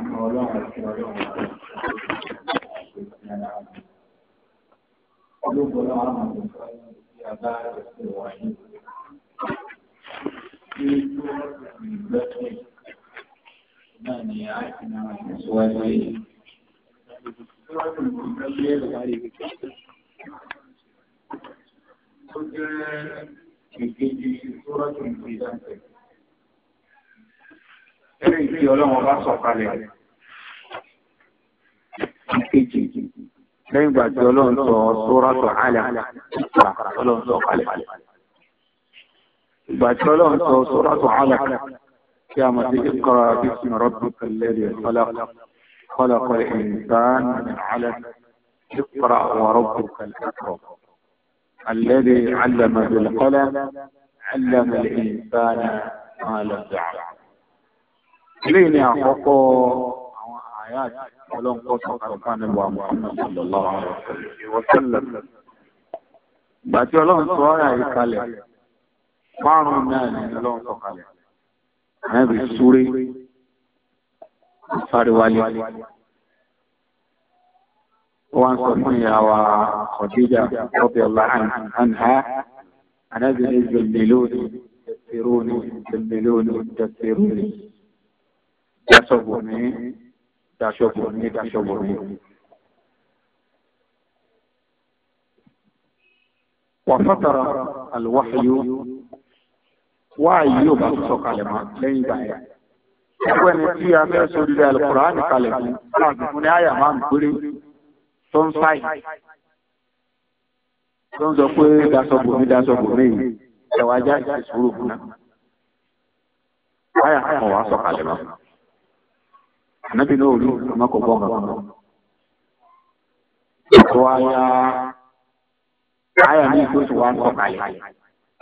àánú ọlọ́run àti ọlọ́run ológun náà àwọn àgbẹ̀fọ́ tí a bá rẹ̀ sí wáyé tí tó ìgbẹ́sẹ̀ náà ni a ti máa tẹ̀síwájú yìí. Ó jẹ́ ìkejì tó rọ́jò ìgbésẹ̀ ẹ̀rẹ́ ìdí ọlọ́run bá sọ̀kalẹ̀ kejì lẹ́yìn ìgbà tí ọlọ́run sọ Suratu Alaq ìgbà ọlọ́run sọ̀kalẹ̀ ìgbà tí ọlọ́run sọ Suratu Alaq kí a mọ̀ sí Iqra bismi rabbikal ladhi khalaq khalaqal insana min 'alaq Iqra wa rabbukal akram alladhi eléyìí ni àkọ́kọ́ àwọn àyà ọlọ́nkọ́ sọ̀kalẹ̀ fún àníbọ̀ àmọ́ sallallahu ìgbà tí ọlọ́run sọ ọ́yà yìí kalẹ̀ márùn-ún náà ni ọlọ́run sọ kalẹ̀ ànábì súré sáré wálé wọ́n sọ fún ìyá wa Khadija radiyallahu anha ànábì ní zèmílónì tẹ̀sírónì zèmílónì tẹ̀sírónì daṣọ́bò ní daṣọ́bò ní daṣọ́bò ní. wàfátara alùwáhayó wáàyí yóò bá sọ kalẹ̀ mọ́ lẹ́yìn ìgbà yẹn. ẹgbẹ́ ni tí a fẹ́ sórí rẹ̀ alukùránì kalẹ̀ fún láti fún ní àyà máa ń péré tó ń sáì tó ń sọ pé daṣọ́bò ní daṣọ́bò ní yìí ẹ̀wà ajá ìṣòro fún náà. àyà kan wàá sọ kalẹ̀ ànábì náà rí ọmọ kò bọ́ kankan lọ. ètò àyà àyà ní ìlú tó wà ń sọ̀kà yìí.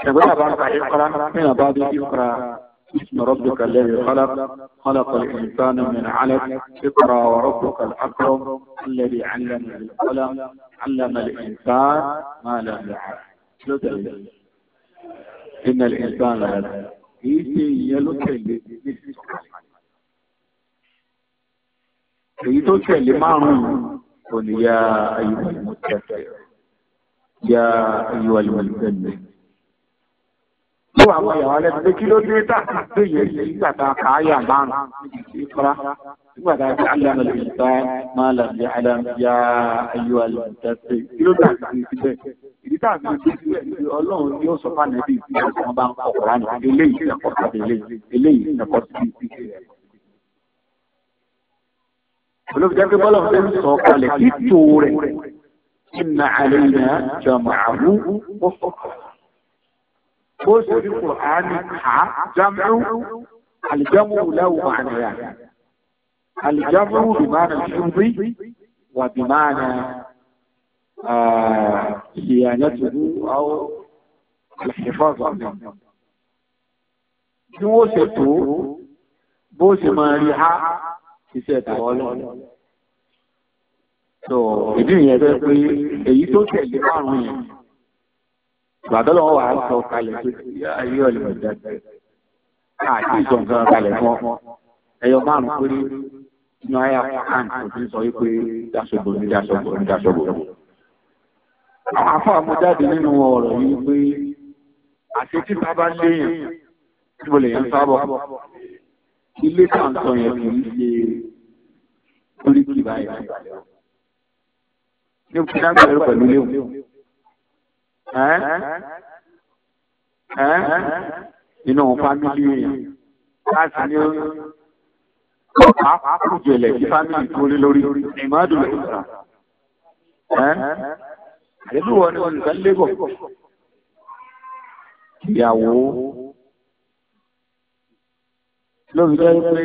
ẹgbẹ́ bàbá ń kàyé kọ́lá nínú bá bí kí kọ́lá اسم ربك الذي خلق خلق الإنسان من علق اقرأ وربك الأكرم الذي علم بالقلم علم الإنسان ما لم يعلم شو دليل إن الإنسان لا يعلم إيه يلوك اللي èyí tó tẹ̀lé márùn-ún kò ní ya ayíwá ìmọ̀tẹ́fẹ́ ya ayíwá ìmọ̀tẹ́fẹ́. Ó wà wọ ìyàwó alẹ́ pé kí ló dé tàbí pé yẹ nígbà tá a kà á yà márùn-ún sí fara nígbà tá a kà á yà lọ sí ta máa là bí àdá ya ayíwá ìmọ̀tẹ́fẹ́. Kí ló dà sí síbẹ̀? Ìdí tá a fi ṣe síbẹ̀ ni Ọlọ́run yóò sọ fún àná bí ìgbà tí wọ́n bá ń kọ̀ọ̀rọ̀ olóògbé jẹ́ pé bọ́lá ọ̀sẹ̀ ń sọ kalẹ̀ títò rẹ̀ ìnà àlẹ́yìnà jàmọ̀ àhú ó sì rí kùránì ká jámẹ́rú àlìjámù láwù mànìyà àlìjámù bìmánà ṣúbí wà bìmánà ṣìyànjẹ́tùrú àwọn àlìṣẹ́fọ́ọ̀sì ọ̀gbìn bí wọ́n ṣètò bó ṣe máa rí ha iṣẹ́ tàwọn náà. tó ìdí ìyẹn fẹ́ pé èyí tó tẹ̀lé márùn-ún yẹn gbàdọ́ lọ́wọ́ wàá sọ kalẹ̀ pé ayé ọ̀lẹ́ ìdájọ́ àti ìjọ̀ǹkan kalẹ̀ fún ẹyọ márùn-ún péré ní àyà kan òfin sọ wípé dáṣọbò ní dáṣọbò ní dáṣọbò. àwọn afọ nínú ọ̀rọ̀ yìí pé àti tí bàbá léèyàn tí mo lè yàn sábọ̀ ilé kàǹtọ̀ yẹn kì í ṣe oríkì báyìí ní òkè náà pẹ̀lú pẹ̀lú léwu. Inú fámìlì yẹn láti ní àkùjẹ̀lẹ̀ tí fámìlì tó lé lórí ìmọ̀ọ́dún lọ́sàn. Àdébùwọ̀ ni olùkọ́ lébọ̀. Ìyàwó lóbi jẹ́ pé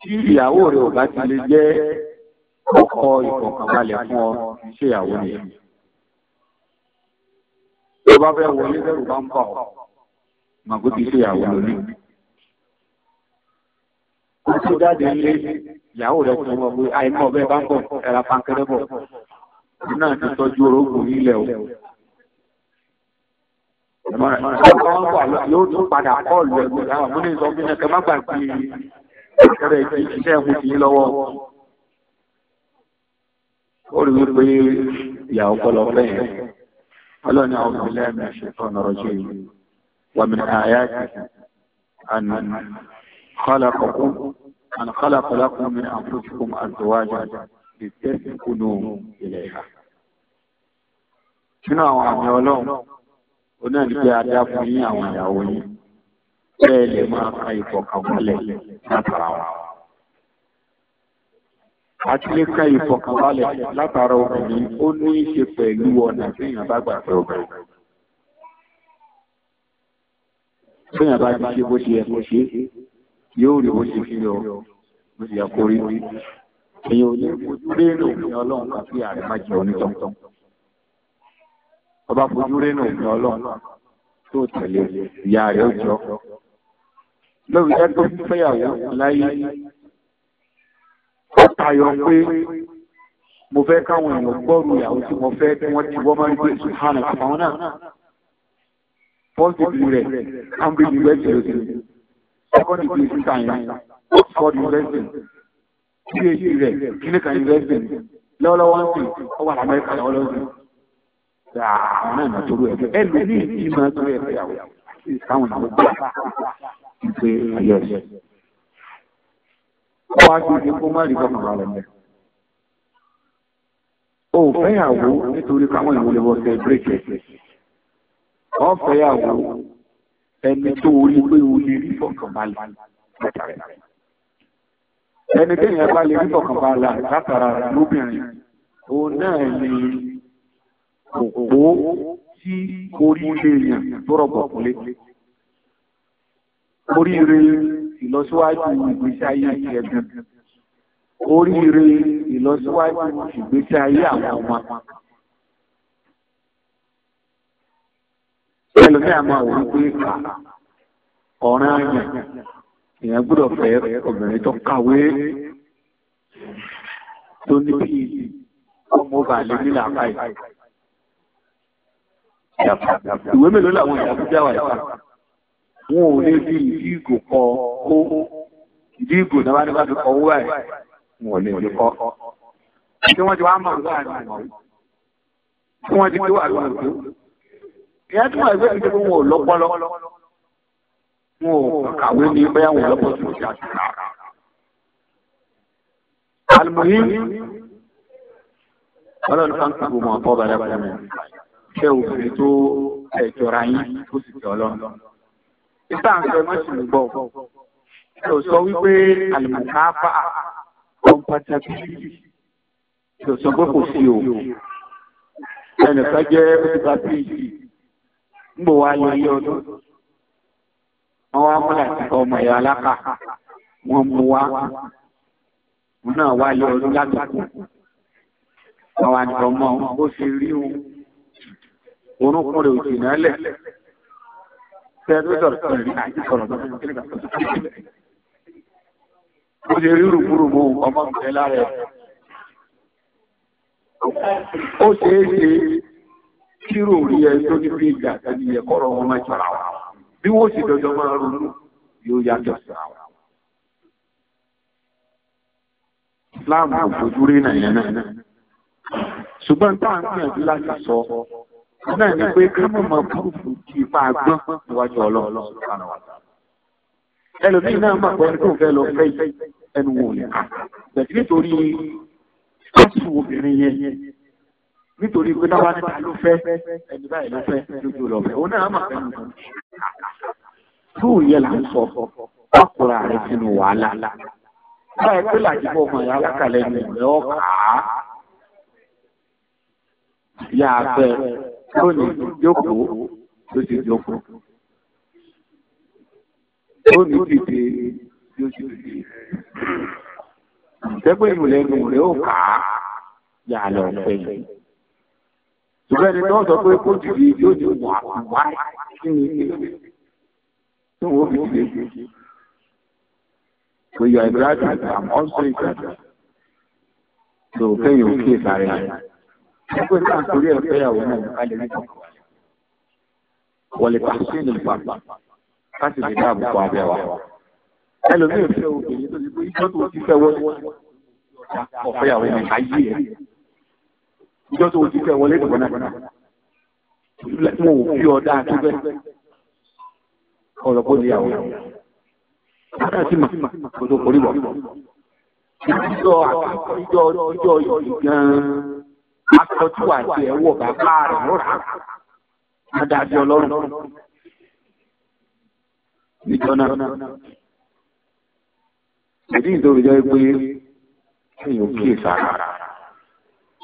tí ìyàwó rẹ̀ ò bá ti lè jẹ́ ọkọ ìfọ̀kànbalẹ̀ fún ọ ṣé ìyàwó rẹ̀. tó bá fẹ́ wọlé lẹ́rù bá ń bọ̀ màgó ti ṣe ìyàwó lórí. kó tó jáde nílé ìyàwó rẹ̀ tó mọ̀ pé àìmọ̀ bẹ́ẹ̀ bá ń bọ̀ ẹ̀ra pankẹ́rẹ́ bọ̀. náà ti tọ́jú orógùn nílẹ̀ o yóò tún padà kọ́ọ̀lù ẹ̀gbọ́n àwọn múni sọ fún ẹ̀kẹ́ má ọlọ́ni àwọn ọmọ ilé ẹ̀mí ṣe fún ọ̀rọ̀ wà mí àyà àná kọ́lákọ̀kún àná kọ́lákọ̀lákún mi àfojúkún àtọwájà ìtẹ́sìnkúnú ilẹ̀ ìhà. nínú àwọn àmì ọlọ́run ó náà ní pé adá fún yín àwọn ìyàwó yín bẹ́ẹ̀ lè máa ka ìfọ̀kànbalẹ̀ látara wọn. àti lè ka ìfọ̀kànbalẹ̀ látara obìnrin ó ní í ṣe pẹ̀lú ọ̀nà tí èèyàn bá gbà pé obìnrin. bẹ́ẹ̀ bá ti ṣe bó ṣe yẹ kó ṣe yóò rí bó ṣe fi lọ bó ṣe yẹ kó rí. èèyàn ò ní fojú rérò ní ọlọ́run àti àrèmájẹ onítọ̀ntọ̀n ọba fojú rénú òfin ọlọ́run tó tẹ̀lé ìyá rẹ̀ ó lórí ẹ tó fẹ́yàwó láyé ó tayọ pé mo fẹ́ káwọn èèyàn gbọ́rù ìyàwó tí mo fẹ́ kí wọ́n ti wọ́n máa ń gbé sùhánà àwọn náà. First degree rẹ̀ Cambridge University ló ti rí. Second sísá yẹn Oxford University. PhD rẹ̀ Clinical University. Lọ́wọ́lọ́wọ́ ń sìn, ó wà lọ́wọ́lọ́wọ́ sìn àwọn náà máa torí ẹgbẹ́ ẹ lórí èyí máa torí ẹgbẹ́ yàwó káwọn náà gbà pé ayé ẹsẹ̀. ó wá sí ibi kó má rí bọ́kàn balẹ̀ mẹ́. ó fẹ́yàwó nítorí káwọn ìwé lè wọ sẹ́ bírèkì ẹ̀sẹ̀. ó fẹ́yàwó ẹni tó orí pé o lè rí bọ́kàn balẹ̀ mẹ́ta rẹ̀. ẹni téèyàn bá lè rí bọ́kàn balẹ̀ látara lóbìnrin òun náà ni òpó tí oríire èèyàn tó rọ̀gbọ̀ kúlé. oríire ìlọsíwájú ìgbésí ayé ìṣẹ́ gan. oríire ìlọsíwájú ìgbésí ayé àwọn ọmọ. ẹlòmíà máa wò ó pé ọ̀ràn àyàn èèyàn gbọ́dọ̀ fẹ́ obìnrin tó kàwé tó ní bí ọmọ bàálẹ̀ nílà báyìí ìwé mélòó làwọn èèyàn tó jáwà ìta wọn ò lè fi ìdí kọ ó ìdí náà bá ní kọ owó ẹ̀ wọn ò lè fi kọ tí wọ́n ti wá mọ̀ láàrin wọn tí wọ́n ti tó àgbà tó ìyá tí wọ́n ẹgbẹ́ ìdíje wọn ò lọ́pọlọ wọn ò kàwé ní bẹ́ẹ̀ wọn lọ́pọ̀ tó ti àti rà almuhim ọlọ́run kan kúrò mọ́ ọ̀pọ̀ bẹ̀rẹ̀ bẹ̀rẹ̀ mẹ́rin kẹ́ ò fi tó ẹ̀jọ̀ra yín ó sì tẹ̀ ọlọ́run. Ìta ń sọ ẹ mọ́sùn ń gbọ́. Ẹ ò sọ wípé àlùmọ̀ká fà compatibility. Ẹ ò sọ pé kò sí o. Ẹnìkan jẹ́ òṣìbá PhD. Ń bò wá yẹ ọdún. Wọ́n wá múlẹ̀ àtìkọ ọmọ ẹ̀yà aláka. Wọ́n mú wá. Òun náà wá yẹ ọdún látàkùn. Àwọn àgbọ̀mọ́ bó ṣe rí òun orúnkún rẹ̀ òjì náà lẹ̀ tẹ́ẹ̀dọ́ sọ̀rọ̀ sọ̀rọ̀ rí àti sọ̀rọ̀ lọ́wọ́ ó ṣe rí rùgbùrùgbù ọmọ ìfẹ́ lára ẹ̀ ó ṣe é ṣe kírò rí ẹ tó ní fi ìgbà tẹ́lẹ̀ yẹ kọ́rọ̀ wọn máa jọra wa bí wọ́n sì dọjọ́ máa ronú yóò yàtọ̀ sí àwọn. Islam kò rí nàìjíríà náà ṣùgbọ́n táà ń gbìyànjú láti sọ náà ni pé ká mọ̀ mọ̀ gúrùpù kí ipa gbọ́n níwájú ọlọ́run sọ̀rọ̀ wa. ẹlòmíì náà mà pé tó fẹ́ lọ fẹ́ ẹnu wò ní ká bẹ̀tí nítorí ọ́sùn obìnrin yẹn nítorí pé táwa níta ló fẹ́ ẹni báyìí ló fẹ́ lójú lọ fẹ́ òun náà mà pé ẹnu kan tóò yẹ là ń sọ ọkùnrin ààrẹ sínú wàhálà báyìí pé làjìbọ̀ ọmọ ìyá alákàlẹ̀ ni ọ̀rẹ́ ọ̀kà lónìí jókòó ló ti jókòó lónìí dìde ló ti dìde ìtẹ́gbẹ́ ìmùlẹ́nu rẹ̀ ó kà á yà lọ sẹ́yìn ṣùgbọ́n ẹni tó sọ pé kó dìde yóò ní wà wá sí ni tí wọ́n fi dìde kò yọ ìgbà àti àmọ́ sọ ìgbà tó kẹ́yìn òkè sáré rẹ̀. Ṣẹ́gbẹ́ náà torí ẹ̀ fẹ́yàwó náà nípa lè rí ìjọba. Wọ̀lẹ̀ pàṣẹ ìlú pàpà láti lè dáàbò bò abẹ́ wa. Ẹlòmíràn fẹ́ obìnrin tó ti pé ìjọ tó ti fẹ́ wọlé ọ̀fẹ́yàwó ni ayé ẹ̀. Ìjọ tó ti fẹ́ wọlé ìdìbò náà. Mo ò fi ọ̀dà tó bẹ́ẹ̀. Ọ̀rọ̀ kò níyàwó. Bàbá ti mà kò tó forí bọ̀. Ìjọ àkọ́kọ́ ìjọ akọtù àti ẹwọ bàbá rẹ rọra adájọ Ọlọ́run níjọ náà ìdí ìdórí jẹ́ pé èèyàn kíyè sára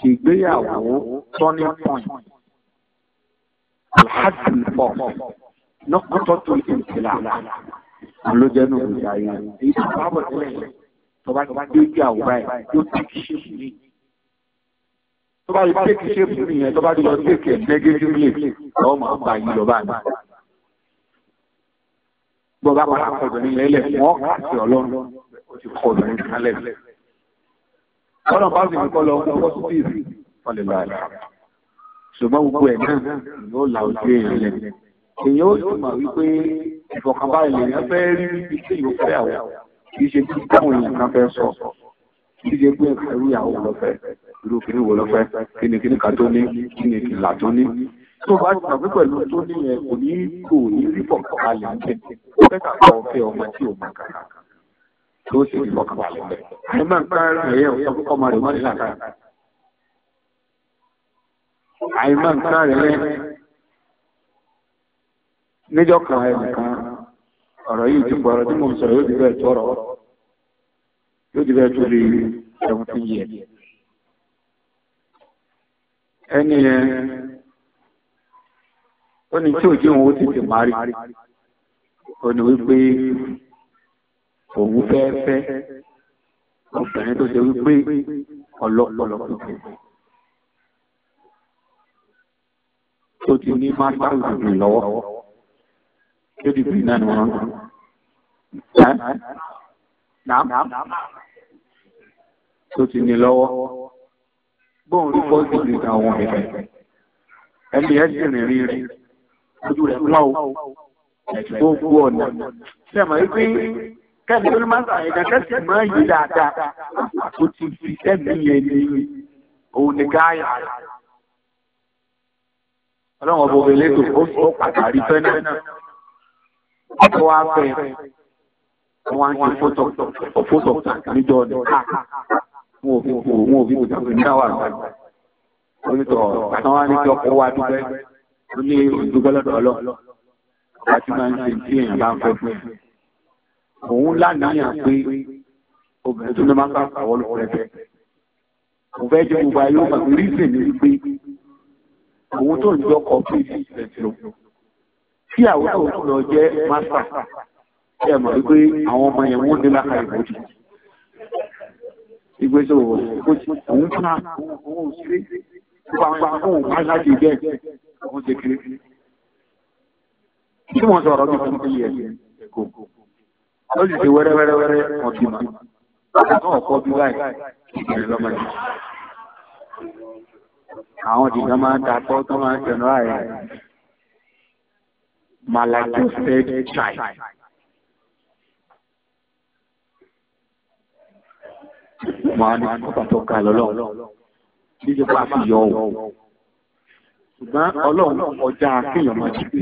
ìgbéyàwó turning point alhajjul pọ nọkọtọtù ìtìlá ló jẹ́ nù ìgbà yẹn èyí tó bá bọ̀ sílẹ̀ tó bá ti gbé ìgbéyàwó báyìí yóò ti kí ṣe fún tó bá rí kéèkì ṣe fún ìyẹn tó bá rí lọ kéèkì negatively lọ́wọ́ máa bá yín lọ báyìí. bó bá padà kọ obìnrin lẹ́lẹ̀ wọ́n kà sí ọlọ́run ó ti kọ obìnrin kálẹ̀. ọlọ́run bá sì ń lọ ọkọ̀ sí bíìsì wọ́n lè bá a. ṣùgbọ́n gbogbo ẹ̀ náà yóò la ojú èèyàn lẹ̀. èèyàn ó sì mọ̀ wípé ìfọ̀kànbalẹ̀ èèyàn fẹ́ rí ibi tí ìlú fẹ́ àwọn kì í ṣe kí táwọn èèyàn kan fẹ́ sọ̀rọ̀ ìdíje pé ẹrú ìyàwó lọ́fẹ́ irú kíní wo lọ́fẹ́ kíni kíní kan tó ní kíni ìlà tó ní tó bá ti tàbí pẹ̀lú tó ní yẹn kò ní kò ní rí fọ̀kànbalẹ̀ ń bẹ̀ kẹ́kà kọ́ fẹ́ ọmọ tí ò mọ̀ kàkà tó sì rí fọ̀kànbalẹ̀ bẹ̀. àyẹ̀mọ̀ nǹkan rẹ̀ yẹ ọmọ rẹ̀ mọ́ nílà kan. àyẹ̀mọ̀ nǹkan rẹ̀ yẹ níjọ́ kan ẹnìkan ọ̀rọ̀ yìí ti pọ̀ ọ̀rọ̀ tí mo sọ̀rọ̀ yóò yóò di bẹ́ẹ̀ tó lè seventeen years. ẹni yẹn ó ní tí òjì òun ó tètè má rí ó ní wípé òun fẹ́ fẹ́ tó ṣe wípé ọlọ́pọ̀lọpọ̀ tó ti ní masters degree lọ́wọ́ tó ti bì náà ni wọ́n. Naam. Naam tó ti ní lọ́wọ́ bóun rí bọ́ọ̀sì ní àwọn ẹ̀rẹ̀ ẹni ẹ̀sìn rìn rí ojú rẹ̀ láwọ́ gbogbo ọ̀nà ṣe mọ̀ wípé kẹ́mi tó ní máa ń sàyẹ̀ kan kẹ́sì máa yí dáadáa tó ti fi sẹ́mi yẹn ní òun ní gáyà ọlọ́run ọba òbẹ̀lẹ́ tó ó sọ pàtàkì fẹ́ náà ọkọ̀ wa fẹ́ wọn á ti fótó fótó níjọ́ ọ̀nà káàkiri wọn ò fi kú wọn ò fi kú tàbí náwà àgbà onítọ̀ àtàwọn àníkẹ́ ọkọ̀ wa dúpẹ́ ó ní ìdúpẹ́ lọ́dọ̀ ọlọ́ máa ń ṣe tí èèyàn bá ń fẹ́ fún ẹ̀ òun lánàáyàn pé obìnrin tó ní máa ń bá pàwọ́ lọ́wọ́ rẹ̀ fẹ́ fẹ́ jẹ́ gbogbo ayé ó mà rí ní pé òun tó ń jọ kọ pé ìṣẹ̀lẹ̀ tí àwọn tó ń lọ jẹ́ mástà ẹ̀ mọ̀ wípé àwọn ọmọ yẹn wọ́n ní lákàá ìbòjì ìgbésẹ̀ òwò òun fún àwọn òṣèré pàpà òun bá láti ìgbẹ́ òun kiri tí wọ́n sọ̀rọ̀ bí fún bí ẹ̀kọ́ ó sì ṣe wẹ́rẹ́wẹ́rẹ́wẹ́rẹ́ ọ̀dùn mà ọ̀dùn ọ̀kọ́ bí láì ìbẹ̀rẹ̀ lọ́mọ yìí àwọn ìdìgbà máa ń dàpọ̀ tó máa ń tẹ̀nú ààrẹ malachi fed child máa ní kọ́tà tó ka lọ́lọ́ níbi bá fi yọ ọ́ ṣùgbọ́n ọlọ́run ọjà kéèyàn máa ti gbé.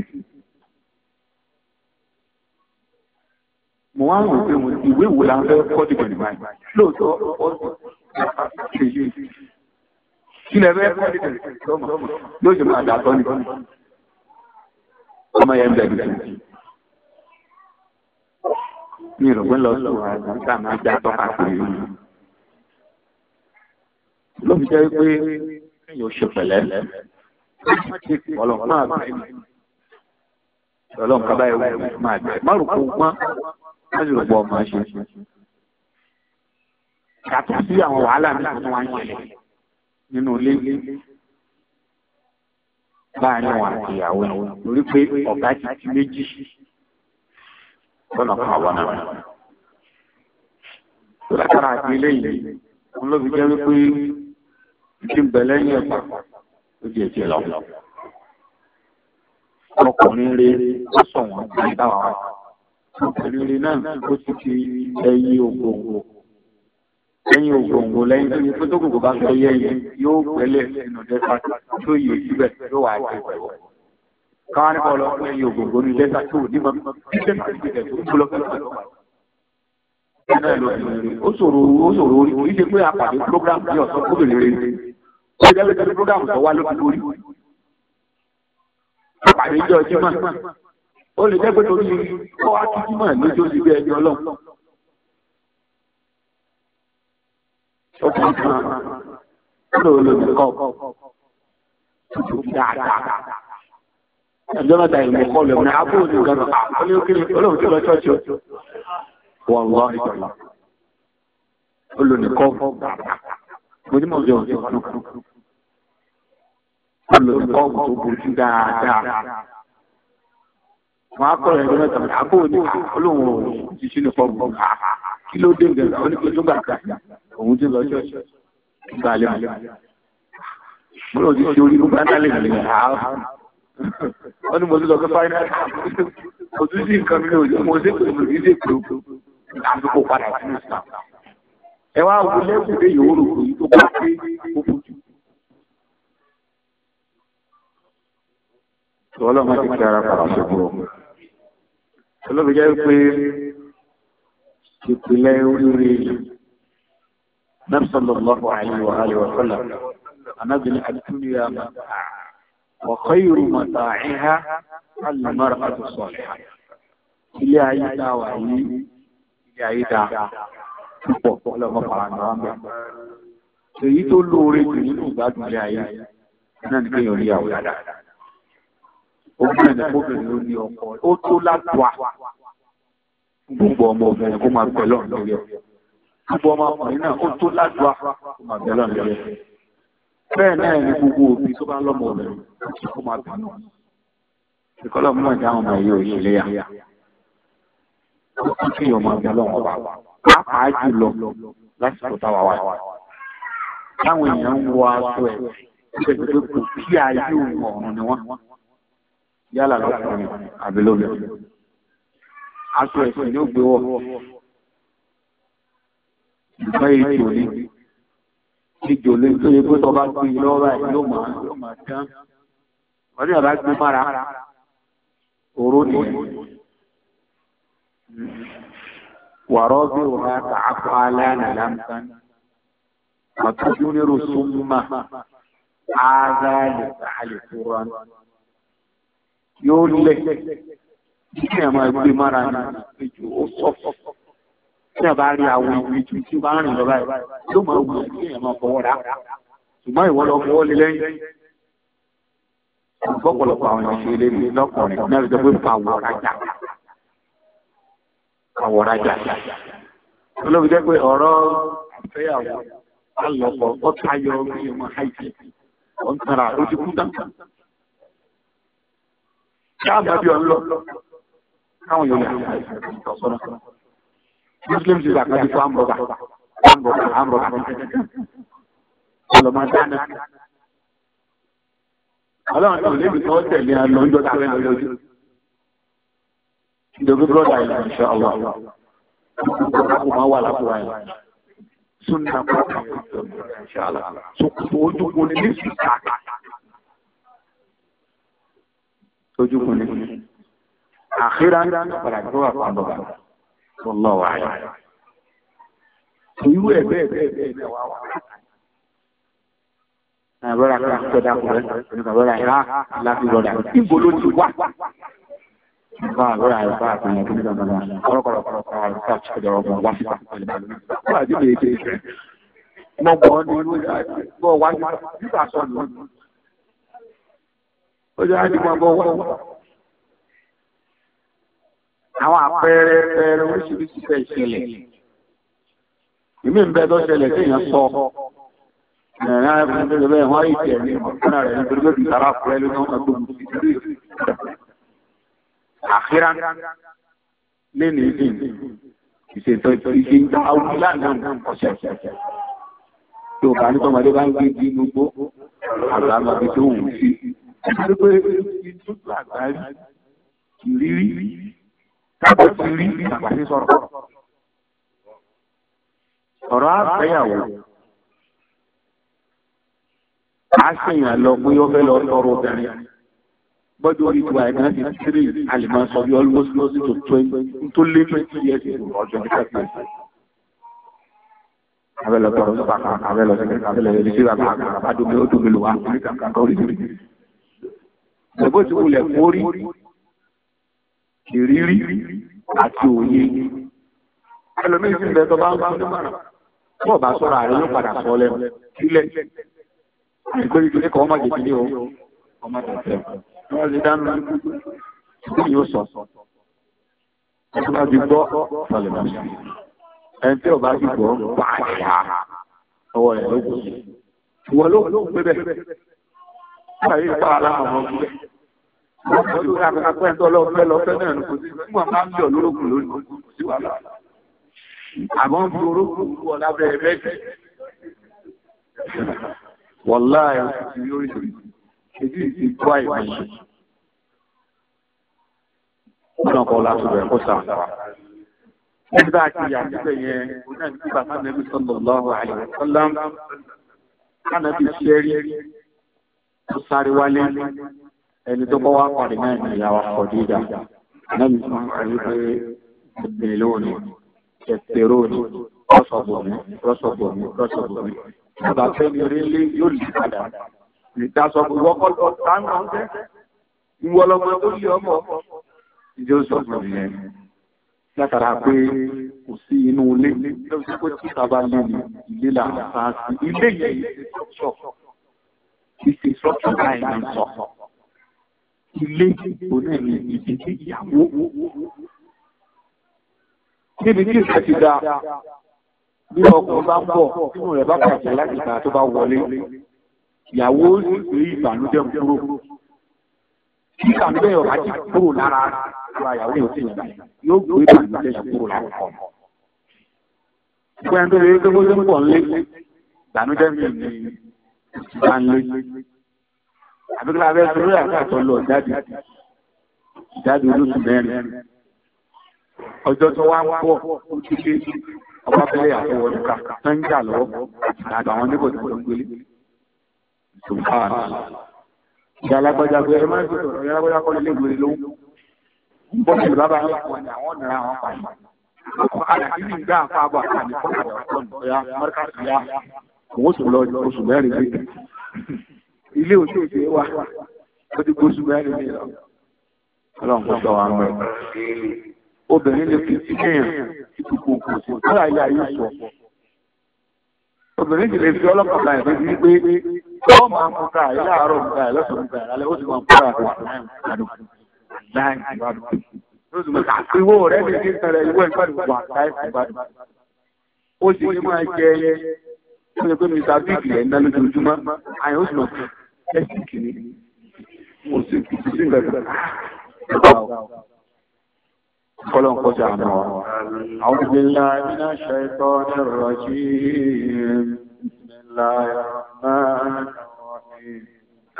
mo wá rò pé ìwé wo la fẹ́ kọ́ dìbò nígbà yìí lóòótọ́ ọ̀sán ṣe yé kí lẹ fẹ́ kọ́ dìbò nígbà yìí yóò ṣe máa dàtọ́ ni ọmọ yẹn ń bẹ̀rù sí i mi rò pé lọ sùn àgbà máa dàtọ́ káàkiri yìí ló fi jẹ́ pé èèyàn ṣe pẹ̀lẹ́ ọlọ́run máa bẹ̀rẹ̀ ọlọ́run kábàá ẹ̀wọ̀ ẹ̀wọ̀ máa bẹ̀rẹ̀ má rò kó gbọ́n má sì rò pọ̀ máa ṣe. yàtọ̀ sí àwọn wàhálà mi tó wá ń ṣẹlẹ̀ nínú ilé láàrin àwọn àtìyàwó lórí pé ọ̀gá ti ti méjì lọ́nà kan àwọn náà. látara àti ilé yìí wọn ló fi jẹ́ wípé tí ń bẹ lẹ́yìn ẹ̀pà ó jẹ́ ìjẹ́ lọ. ọkùnrin rere ó sọ wọn bí dáwà wá. ọkùnrin rere náà ó ti fi ẹyin ògbòǹgbò ẹyin ògbòǹgbò lẹ́yìn tí ó tó bá fẹ́ yẹ yẹn yóò pẹ́lẹ̀ nínú dẹ́sà tó yẹ síbẹ̀ yóò wá jẹ pẹ̀lú. káwọn nípa ọlọ́pàá ẹyin ògbòǹgbò ní dẹ́sà tó ní mọ́ bí dẹ́sà ti gbẹ̀dẹ̀ tó ń ó ṣòro ó ṣòro orí ṣe pé apàdé program bí ọ̀sán kóbìnrin rẹ̀ ó jẹ́ pé programu tó wá lóbi lórí àpàdé ìjọ jímọ̀ ó lè jẹ́ pé torí kó wá kí jímọ̀ lójú ó sì bí ẹni ọlọ́run. ó kàn kan ó lò lò ní kọ́ tuntun dáadáa. ẹjọ́ mẹ́ta ìlú kọ́ lè mú abúlé òní gan an ó ní ó kéré olóhùn tó lọ ṣọ́ọ̀ṣì wọ́n lọ́ọ́ ìjọba ó lò ní kọ́ bàbà mojúmọ̀ ọjọ́ ọjọ́ kan kan lọ tó bojú dáadáa wọn á kọ̀rọ̀ ẹgbẹ́ mẹ́ta mẹ́ta àbó ní olóhùn òun ti sínú fọ́ọ̀mù ká kí ló dé gẹ̀gẹ̀ ó ní kí gbà gbà òun ti lọ ṣọ́ọ̀ṣì gbà lé mi mo lọ ṣe orí ló bá ń dálé mi rà á mo ti lọ kí fáínà kò tún sí nǹkan mi ò ẹ wá wo lẹ́kùnrin yòówó rò kò yìí tó bá pé ó fojú. tọ́lọ́ máa ti kí ara padà sọ́kúrọ̀. olóbi jẹ́ pé ìpìlẹ̀ oríire nafsallallahu alayhi wa alihi wa sallam anabini adúlé àmà wa khayru mata'iha al-mar'atu as-salihah ilé ayé dáwà yìí ilé ayé dáa púpọ̀ ọlọ́mọ farahàn wa ń bẹ̀. èyí tó lóore jù nínú ìgbádùn ilé ayé náà ní kéèyàn rí àwọn dáadáa. obìnrin obìnrin ló ní ọkọ ó tó látọ̀à gbogbo ọmọ bẹ́ẹ̀ náà ni gbogbo òbí tó bá lọ́mọ obìnrin kó máa bẹ̀ lọ́rùn. ìkọlọ́ mú ọ̀dà àwọn ọmọ yìí ó kí ọmọ ọmọ ọlọ́run ọba pàápàá jùlọ lásìkò táwa wà. táwọn èèyàn ń wọ aṣọ ẹ̀ pẹ̀lú kò kí ayé òun ọ̀run ni wọ́n. yálà lọ́kùnrin àbí lóbìnrin. aṣọ ẹ̀sìn ni ó gbé wọ̀. ìgbà èyí ò ní. ìjò lè tó yẹ pé tọba gbé e lọ́wọ́ ẹ̀ yóò máa dán. wọ́n ní ọ̀rá gbé mára. òru nìyẹn. ورابعها تعقى لنا لمسا وتجمر ثم هذا لسعل سرا yóò lẹ kí ẹ máa gbé mára ní ìjò ó sọfọ tí ẹ bá rí àwọn ìwé ju tí bá rìn lọ́ba yìí yóò máa wù kí ẹ máa fọwọ́ rà ṣùgbọ́n ìwọ lọ fọwọ́ lé lẹ́yìn. ọ̀pọ̀lọpọ̀ àwọn ìṣẹ̀lẹ̀ lọ́kùnrin náà ló jẹ́ pé fàwọ̀ rájà àwọ̀rajà olóbi jẹ́ pé ọ̀rọ̀ àfẹ́yàwó alọ́pọ̀ ó tayọ ọmọ haiti ó tara ó ti kú tán káàbà bí ọ̀n lọ káwọn yóò lè sọ̀rọ̀ muslim ti bàtà bí fún àmọ̀gà àmọ̀gà àmọ̀gà ọlọ́mọ dáná ọlọ́run tó lè bí tó tẹ̀lé alọ́njọ́ tó rẹ̀ lójú ìdògbé brọ́dà yìí insha Allah ọkọ̀ máa wà lápò ayé sunna kọ́kọ́ insha Allah sokoto ojúkun ní ní sùkà ojúkun ní àkírá padà tó wà pàdọ̀ lọ́wọ́ ayé irú ẹ̀ bẹ́ẹ̀ bẹ́ẹ̀ bẹ́ẹ̀ bẹ́ẹ̀ wà wà àbúrò àkàrà tó dákúrẹ́ àbúrò àyà láti lọ́dà ìbò ló ti wá. bá àlọ́ra rẹ̀ àwọn àpẹẹrẹ pẹẹrẹ oríṣiríṣi fẹ́ ìṣẹ̀lẹ̀ ìmí ń bẹ tó ṣẹlẹ̀ sí èèyàn sọ ẹ̀rìn ààrẹ fún ìṣẹ̀lẹ̀ àkírá lẹ́nu ìdí ìṣètò ìṣe ń dá orí lánàá ọ̀sẹ̀ tó bá ní tọ́mọdé bá ń gbé bí gbogbo àgbà máa fi tó wù sí nítorí pé ìtútù àgbáyé ìrírí tábọ̀ ti rí ọ̀rọ̀ àfẹ́yàwó a ṣèyàn lọ pé lọ sọ̀rọ̀ obìnrin gbọ́dọ̀ orí tiwa ẹ̀ka ti tírì àlèmọ́ sọ bí almost close to twenty tó lé twenty years ago ọjọ́ ní kẹta ìsìn. abẹ́lẹ̀ tọrọ ní bàbá abẹ́lẹ̀ sí abẹ́lẹ̀ sí sí bàbá àbádọ́mi ó dùnmí lò wá kọ́ orí mi. ẹ̀bọ́ ti wulẹ̀ mórí ìrírí àti òye ẹlòmíì sì ń bẹ tó bá ń bá ń bára bọ́ọ̀ bá sọ̀rọ̀ àrẹ yóò padà sọ lẹ́nu sílẹ̀ àìgbẹ́rì kìnìkan ọmọ jẹ̀bi o ọmọ tẹ̀sẹ̀ wọ́n lè dáná tí yóò sọ ẹni bá ti gbọ́ sọlẹ̀ bá sí ẹni tí ọba ti gbọ́ bá yà ọwọ́ rẹ̀ ló gbòye ìwọ ló ló gbé bẹ́ẹ̀ nígbà yìí pa ara àwọn ọmọ gbé wọ́n mọ̀ lórí akẹ́kọ̀ọ́ ẹ̀ńtọ́ lọ́fẹ́ lọ́fẹ́ náà kò sí fún máa ń yọ̀ lórógùn lórí sí wàhálà àmọ́ ń fi orógùn lù lábẹ́ ẹ̀ wọ́n láàyè oṣù tí yóò rí èyí ti kó àìmọ̀ yìí. Ọ̀nà kan láti bẹ̀rẹ̀ kó sàn fà. Nígbà tí àtúbẹ̀ yẹn, náà ní bàbá Nàbí sallallahu alaihi wasallam, Kánàbí ṣe rí tó sáré wálé, ẹni tó kọ́ pàdé náà ní ìyàwó Khadija. Nàbí sọ àyè pé ìbìnrin lónìí, ẹ̀tẹ̀ rónìí, rọ́sọ̀bùnmi, rọ́sọ̀bùnmi, rọ́sọ̀bùnmi. Bàbá Fẹ́mi orí yóò lè padà ìdásọ gbogbo ọkọ táwọn ọjẹ ìwọ lọmọ tó yẹ ọmọ ìdí ó sọ fún pé kò sí inú ilé lọ́sí pé tí bàbá lé ní ilé là sí ilé yìí ìṣe sọ́tọ̀ báyìí ń sọ ilé onílé ìdílé ìyàwó níbi tí ìṣẹ́ ti da bí ọkùnrin bá ń bọ̀ nínú rẹ̀ bá bàjẹ́ láti ìgbà tó bá wọlé ìyàwó sì gbé kúrò kí ìbànújẹ́ ọ̀rá ti kúrò lára ìwà ìyàwó yóò sì yàn yóò gbé ìbànújẹ́ yẹn kúrò lára ọkọ. ìgbà tó yẹ kó ló ń pọ̀ lé ìbànújẹ́ mi ni ìbá ń lé àbíkúlá abẹ́ sọ lórí àkàtọ̀ lọ jáde jáde olóṣù mẹ́rin ọjọ́ tó wá wá ó ti lé ọba fẹ́ yà fún ká tó ń jà lọ́wọ́ àtàwọn oníbòtí tó ń gbélé ṣùgbọ́n ìyálágbájá pé ẹ má ń sọ̀rọ̀ ìyálágbájá kọ́ lélẹ́ ìgbèrè ló ń bọ́ sí bàbá yẹn wọn ni àwọn nira àwọn pa yìí. ọkọ̀ àdàkí ní ìgbà àpá àbọ̀ àti àmì fún àdàkọ́ ọ̀yà mọ́ríkà sí ya òun sùn lọ oṣù mẹ́rin rí ilé oṣù òṣè wa ó ti gbóṣù mẹ́rin rí lọ. ọlọ́run kò sọ wa mọ́ obìnrin lè fi síkéèyàn tí kò kò sí kó àyè àyè sọ obìnrin sì lè fi ọlọ́kọ̀ọ́ wọ́n máa ń kó ká yìí láàárọ̀ ń ká yìí lọ́sọ̀ ń ká yìí lálẹ́ ó sì máa ń kó ká àti ìwọ rẹ lè ní ìtàn rẹ ìwọ ìgbàdùn wà láì fún ìgbàdùn ó sì ní máa jẹ ẹyẹ ó yẹ pé mr big rẹ ń dá lójoojúmọ́ àyàn ó sì máa fún ẹsìn kìíní mo sì kì í sí nǹkan kan. فلن قطع نوع أعوذ بالله من الشيطان الرجيم الله الرحمن الرحيم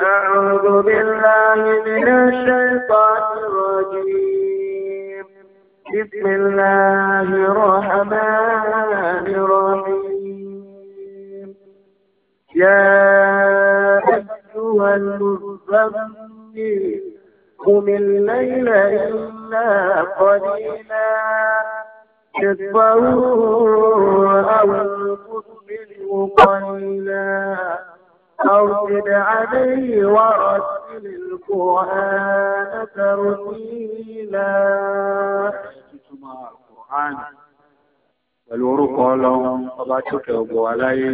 أعوذ بالله من الشيطان الرجيم بسم الله الرحمن الرحيم يا أيها المزمل قم الليل إلا قليلا نصفه أو انقص قليلا أرشد عليه ورتل القرآن ترتيلا pẹ̀lú orúkọ ọlọ́run ọba tókè ọgbọ̀ aláyé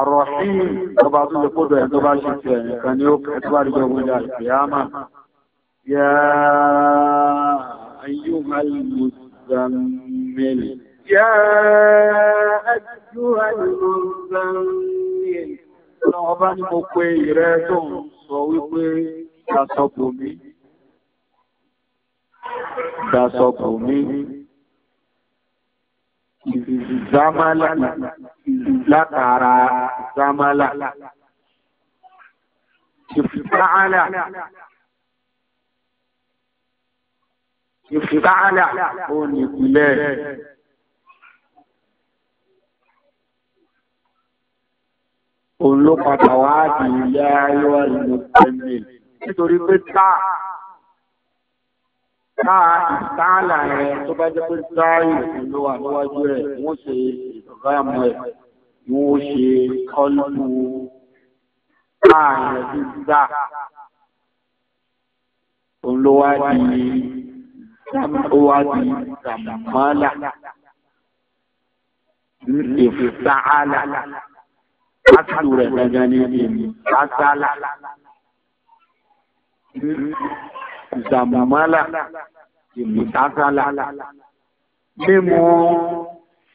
àrọ̀fíì ọba tó lè kódọ̀ ẹ̀ tó bá ṣe ti ẹ̀yìn kan ní ó kẹ́ tó bá rí ọgbọ̀ ilẹ̀ àìyámà yá ayé òhàlì mùsàmìlì Ya, يا أيها المزمل ọlọ́run ọba ní mo pe ìrẹ tó ń sọ wípé dasọ̀bù mi dasọ̀bù mi ìzìzámálà látara zámálà ìfìfáàlà ìfìfáàlà ó ní ìpìlẹ̀ òun ló padà wá di ilé ayé wà nínú tẹ́lẹ̀ nítorí pé táà táà ìtààlà rẹ tó bá jẹ́ pé táà ìrìn ló wà níwájú rẹ̀ wọ́n ṣe ìtọ́gá àmọ́ ẹ̀ wọ́n ṣe kọ́lù táà rẹ̀ dídá òun ló di ó wá di asàlù rẹ̀ gangan ní ìlú asàlà zamala ìmùtásálà mímú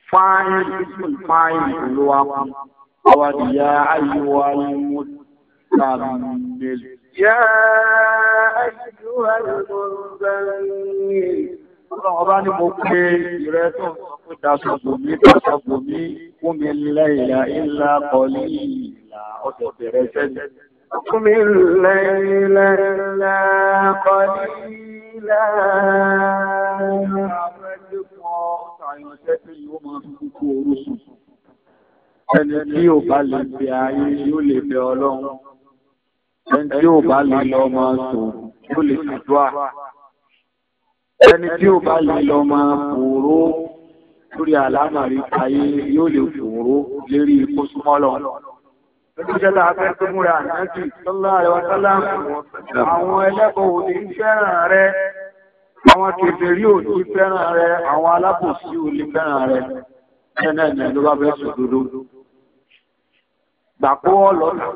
fáìn fáìn olúwàkú àwàdìyà ayíwá imú tàbí mẹ́lì. يا أيها المزمل ọlọ́run ọba ní mo pé ìrẹ́ tó ń sọ pé daṣọ bòmí daṣọ bòmí fún mi lẹ́yìnlá ńlá kọ́lí ìlà ọ̀sẹ̀ bẹ̀rẹ̀ sẹ́yìn. fún mi lẹ́yìnlá ńlá kọ́lí ìlà ẹni tí ò bá lè fi ayé yóò lè fẹ́ ọlọ́run ẹni tí ò bá lè lọ máa sùn yóò lè fi dúà ẹni tí ó bá lè lọ máa fòró lórí àlámàrí ayé yóò lè fòró lérí ikú súnmọ́lọ̀. Lójújẹ́ta afẹ́ tó múra ànájì sọ́lá àríwá sọ́lá àwọn ẹlẹ́kọ̀ọ́ òní fẹ́ràn rẹ, àwọn kèfèrí òní fẹ́ràn rẹ, àwọn alábòsí òní fẹ́ràn rẹ, ẹnẹ́ẹ̀nẹ́ ló bá bẹ́ sòdodo. Gbàpọ̀ ọlọ́lọ́.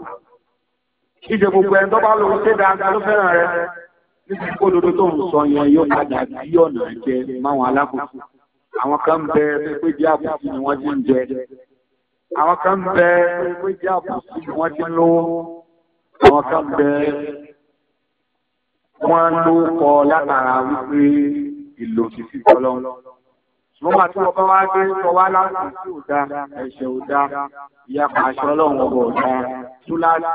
Ìjẹ gbogbo ẹni tó bá lọ sí dáadáa ló fẹ́ràn rẹ kó dodo tó ń sọ yẹn yóò padà bí ọ̀nà jẹ máwọn alákòóso àwọn kan bẹ pé jẹ àbùsí ni wọ́n ti ń jẹ àwọn kan bẹ pé jẹ àbùsí ni wọ́n ti ń lówó àwọn kan bẹ wọ́n ló kọ látara wípé ìlò títí kọlọ ṣùgbọ́n àti ọba wa dé sọ wá láti sí òdá ẹ̀ṣẹ̀ òdá ìyapa aṣọ ọlọ́run ọba ọ̀dá túláàlì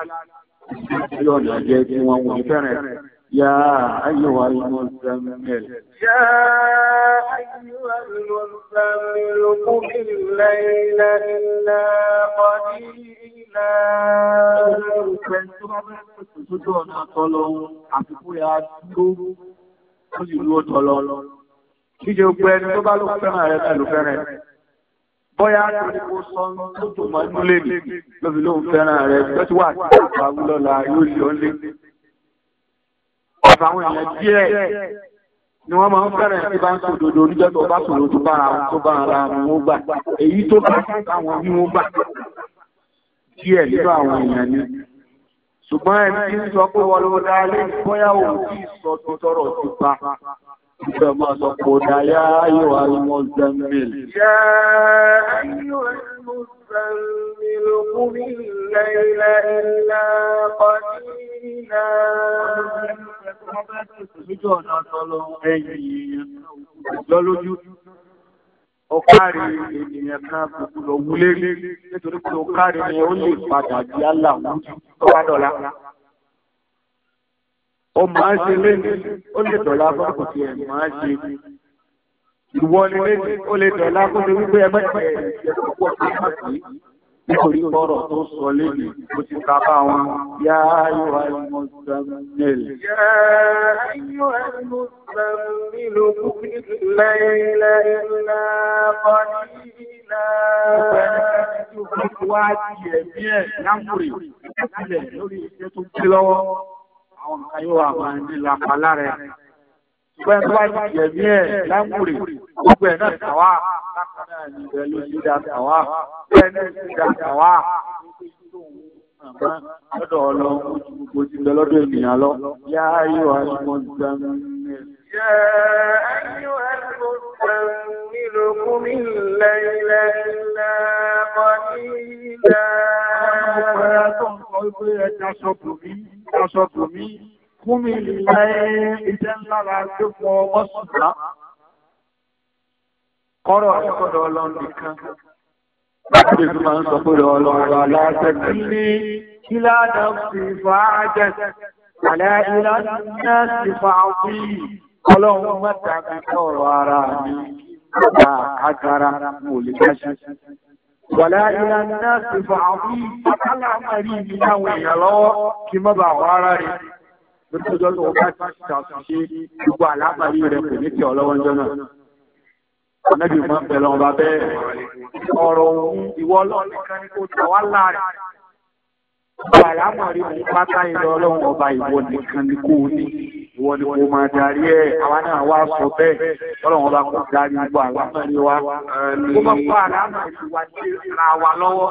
ìṣèjì ọ̀nà jẹ tí wọ́n wò ní fẹ́rẹ̀ rẹ̀. يا أيها المزمل يا أيها المزمل قم الليل إلا قليلا Sójú ọ̀nà àtọ́lọ àfikún ya tó ó sì lú ọ̀tọ́lọ lọ. Kíjẹ ogun ẹni tó bá ló fẹ́ràn rẹ̀ pẹ̀lú fẹ́rẹ̀. Bọ́yá àtàríkó sọ tó tó mọ́ inú lè ní lọ́bí lóhun fẹ́ràn rẹ̀ lọ́tíwà àti àpá wúlọ́la yóò lè ọ́n lè àbàwọn èèyàn díẹ̀ ni wọ́n máa ń fẹ́rẹ̀ tí bá ń sọ òdodo oníjọ́ tó bá sọ̀rọ̀ tó bára wọn tó bára ra wọn gbà èyí tó bá àwọn bí wọ́n gbà díẹ̀ nínú àwọn èèyàn ni ṣùgbọ́n ẹni tí ń sọ pé wọ́n ló dá lé bóyá òun tí sọ tó tọrọ ti pa ìfẹ́ máa sọ pé ó dá yá ayò àìmọ̀ zẹ́mìl. yá ayò àìmọ̀ zẹ́mìl kúrò ilẹ̀ ilẹ̀ ilẹ̀ kọ́ lọ́lójú ọkàrí ènìyàn kan kùkù lọ wúlé nítorí pé ọkàrí ni ó lè padà di aláwùjú tó bá dọ̀la ó máa ń ṣe lẹ́nu ó lè dọ̀la fún kò tiẹ̀ máa ń ṣe ìwọ ni lẹ́nu ó lè dọ̀la fún mi wípé ẹgbẹ́ ìfẹ́ ìjẹ́kọ̀ọ́ pọ̀ sí nítorí ọ̀rọ̀ tó sọ lẹ́nu ó ti kápá wọn yá ayọ́wà ìmọ̀sánmẹ́lì. Yá ayọ́wà ìmọ̀sánmẹ́lì ló kú nílẹ̀ ilẹ̀ ilẹ̀ ọ̀nì ilẹ̀. Ẹni tí ó fi wá ti ẹ̀mí ẹ̀ láǹkùrì láti lẹ̀ lórí iṣẹ́ tó gbé lọ́wọ́, àwọn kan yóò wà máa ní lápá lára ẹ̀. Bẹ́ẹ̀ tó wá ní ẹ̀mí ẹ̀ láńkùrè, gbogbo ẹ̀ náà tàwá. Bákan náà ni ìbẹ̀ ló ti da tàwá. Bẹ́ẹ̀ náà ti da tàwá. Lọ́dọ̀ ọlọ́run gbogbo ti bẹ lọ́dọ̀ ènìyàn lọ. Yá ayé wa ni mo ti dá mi. يا أيها المزمل قم الليل إلا قليلا. Aṣọ tòmí, aṣọ tòmí, fún mi láyé iṣẹ́ ńlá la tó pọ̀ mọ́sùlá kọ́rọ̀ ẹ̀kọ́dọ̀ ọlọ́run nìkan láti lè fi máa ń sọ pé ọlọ́run aláṣẹ nílé ìlànà fi fà á jẹ àlẹ́ ìlànà ti fà á wí ọlọ́run mẹ́ta kẹ́kọ̀ọ́ ọ̀rọ̀ ara mi nípa agara mo lè dáṣẹ́. Wàlá ìlà náà ti fà á wí, akálà máa rí ìdíyàwó ìyàlọ́wọ́ kí má bàa wá ara rẹ̀ lójú ọjọ́ tó bá ti ṣàtúnṣe gbogbo àlábàárí rẹ̀ kò ní kí ọ lọ́wọ́ ọjọ́ náà. Ànábì máa ń bẹ̀ lọ́wọ́ bá bẹ́ẹ̀. Ọ̀rọ̀ òun ìwọ ọlọ́run nìkan ni kò tà wá láàrin. Gbogbo àlámọ̀rí òun pátá ìlọ ọlọ́run ọba ìwọ nìkan ni kò ní. Ìwọ ni kò máa darí ẹ̀. Àwa náà wá sọ bẹ́ẹ̀. Ọlọ́run ọba kò darí gbogbo àlámọ̀rí wa. Gbogbo àlámọ̀rí wa ti ra wa lọ́wọ́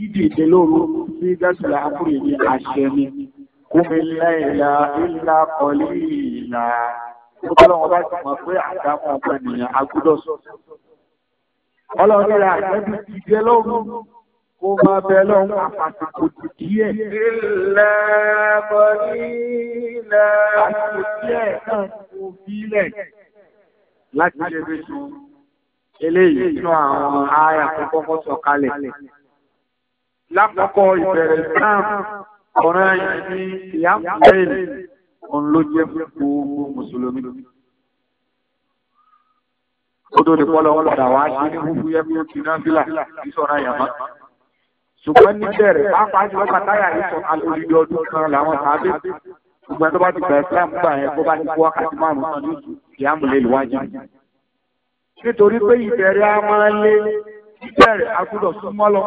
jíde ìdẹ́lóru sí gásìlá àkúrò ní àṣẹ ni kúmílẹ̀ ìlà ìlà kọlí ìlà ó bá ti mọ̀ pé àdámọ́ láti ṣe fi sùn eléyìí nínú àwọn ààyà tó sọ kalẹ̀ lákòókò ìbẹ̀rẹ̀ islam ọ̀ràn ìní ìyáǹfẹ́ẹ̀lì òun ló jẹ́ gbogbo mùsùlùmí. ó tó lè pọ́lọ́ wọn padà wá sí ní fúfú yẹ bí ó ti náà fílà ní sọ̀rọ̀ àyàmá. ṣùgbọ́n ní bẹ̀rẹ̀ pápá jùlọ pàtàyà ní sọ alóríire ọdún kan làwọn sábẹ́ ṣùgbọ́n tó bá ti bẹ̀rẹ̀ islam gbà yẹn kó bá ti kó wákàtí márùn-ún nítorí pé ìbẹ̀rẹ̀ á máa lé bíbẹ̀rẹ̀ agbọ́dọ̀ súnmọ́ lọ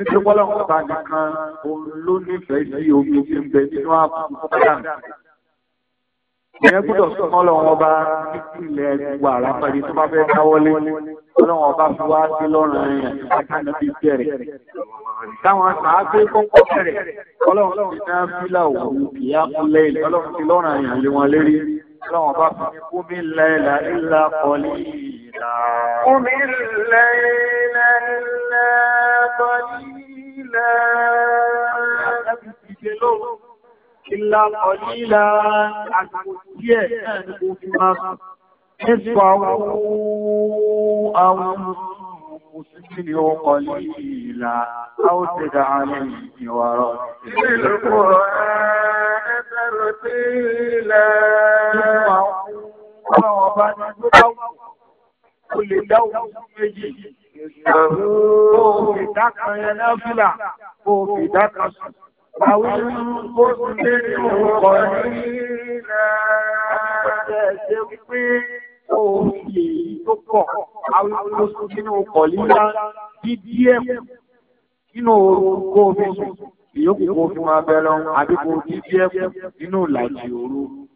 nítorí pọ́lọ́ ọba nìkan òun ló nífẹ̀ẹ́ sí omi tí ń bẹ nínú àbùkù pàdánù. ìyẹn gbọ́dọ̀ sún ọlọ́run ọba nípìnlẹ̀ gbogbo àràpàdé tó bá fẹ́ dáwọ́lé ọlọ́run ọba fi wá sí lọ́rùn ẹ̀yìn àtàkànnà bíi bẹ̀rẹ̀. táwọn sàágbé kọ́kọ́ bẹ̀rẹ̀ ọlọ́run ti dá bílà òwú kìá kúnlẹ̀ ọlọ́run ti lọ́rùn قم الليل إلا قليلا إلا قليلا نصفه أو مسلم قليلا أو تدع عليه ورتل القرآن ترتيلا نصفه أو بني ó lè dá òkú méjì òkè dákan yẹn náà fìlà òkè dákan sùn. Àwọn olùkọ́ sílé ní orúkọ ní ọ̀sẹ̀ ṣe wípé òkè tó pọ̀. Àwọn olùkọ́ sílé ní orúkọ lílá dídí ẹ̀kú nínú orúkọ omi sùn. Ìyókù kò fi máa bẹ lọ àbí kò dídí ẹ̀kú nínú ìlàjì òru.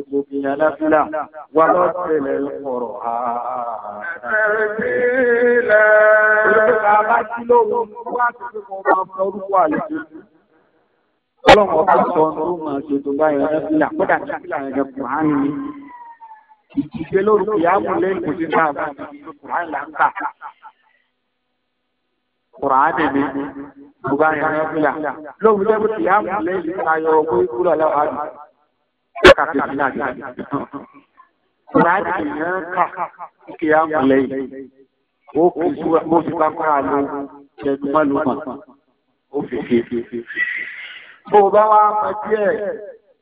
ṣètòkè aláfíà wà lọ́sẹ̀lẹ̀ kọ̀rọ̀ ha. Ẹ̀ẹ́dẹ́gbẹ̀lẹ̀. Olùkọ́ bá jí lóhùn wá sí pé mo máa fọ orúkọ àlejò. Ọlọ́run ọba sọ ọdún máa ṣètò báyọ̀ aláfíà kódà ní ìlà ẹ̀jẹ̀ Kùránì ni. Ìdíje lórúkọ ìyáàmú lẹ́yìn kò sí ká àbá ìdíje Kùránì là ń kà. Kùránì ni mo bá yẹn aláfíà. Lóhùn lẹ́gbẹ̀ẹ́ ìyáàmú lẹ́yìn ká yọ ọkọ̀ ìkúrò aláwọ̀ àdùn kàkàtà ní àjà. Láti yẹn kà kí á mú lẹ́yìn. Ó kì í súra ó fi pápá lo ṣẹ́gbọ́n ló mọ̀. Ó fi fi. Bó o bá wá mọ díẹ̀,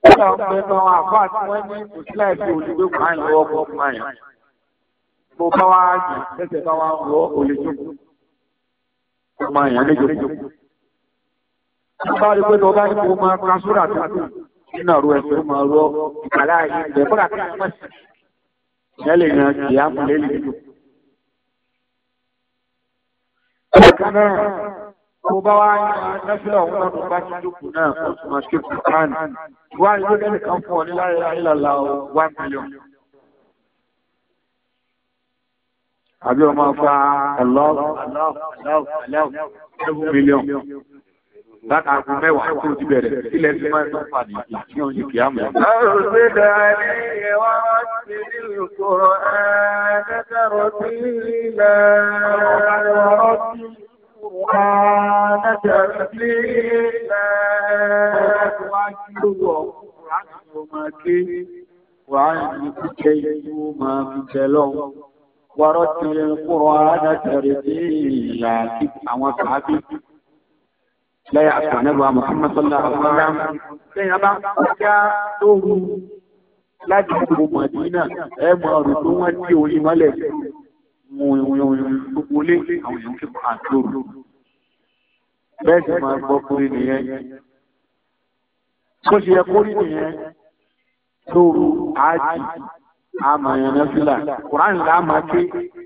ó là ń bẹ lọ àbá tí wọ́n ní kò sí láì fi olùgbé kò máa ń lọ ọkọ̀ fún àyàn. Bó o bá wá yìí, lẹ́sẹ̀ bá wá wọ olùjọ́. Ọmọ àyàn lè jọ. Bá a lè pé lọ bá ní kó máa ka sóra tó kù nínú ọ̀rọ̀ ẹ̀fọ́ ó máa rọ ìkàlá yìí bẹ̀ fúnra kí wọ́n mọ̀ sí. ìyá lè yan ìyá fún lé lè lò. bákan náà mo bá wá lọ́sẹ̀ ọ̀hún náà mo bá ti jókòó náà mo sì máa ṣe kù kán. wá ilé lẹ́nu kan fún ọ ní láyé ayélujára one million. àbí ọmọ ọba aláwọ̀ aláwọ̀ aláwọ̀ seven láti aago mẹ́wàá tó ti bẹ̀rẹ̀ ilẹ̀ tí wọ́n ń fà ní ìṣẹ́ òye kìí àmọ́. ọ̀sẹ̀ dàní ìwà ti nílùú sọ̀rọ̀ ẹ̀ẹ́dẹ́gbẹ̀rún sí ilẹ̀ ọ̀rọ̀ sí ọ̀rọ̀ sí ilẹ̀ ọ̀rọ̀ Wọ́rọ̀ tí ó kúrò ádá tẹ̀rẹ̀ sí ìlà àwọn kàábí lẹ́yìn àtànẹ́bà Muhammad sallallahu alaihi wa sallam lẹ́yìn abá kọjá lóru láti gbogbo Mọ̀dínà ẹ mọ ọ̀rọ̀ tó wọ́n tí orí mọ́lẹ̀ gbogbo lé àwọn èèyàn kíkọ́ àtòrò bẹ́ẹ̀ sì máa gbọ́ pé nìyẹn bó ṣe kùránì láàmà ké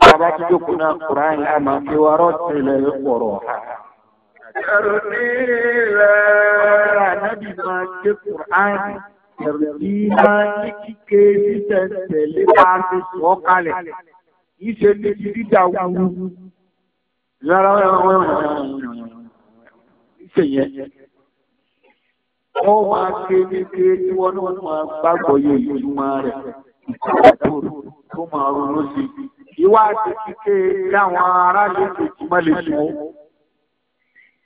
bàbá tó jókòó náà kùránì láàmà ké wàrọ̀ tẹ̀lé ọ̀rọ̀ ọ̀hà. Tẹ̀rọ̀lá. Ọ̀rọ̀ ànábì máa ké Kùránì. Tẹ̀rọ̀lá ní kíké títẹ̀tẹ̀lé bá a ti sọ kalẹ̀. Kì í ṣe ní ti dídà wúru. Lára wọn ṣe yẹn. Wọ́n máa ké ní ké tí wọ́n náà máa gbàgbọ́ yẹ ìtumọ̀ rẹ̀. Ìtàkùn tó máa ronú sí. Ìwà àti kíké láwọn aráàlú kò túmọ̀ lè sùn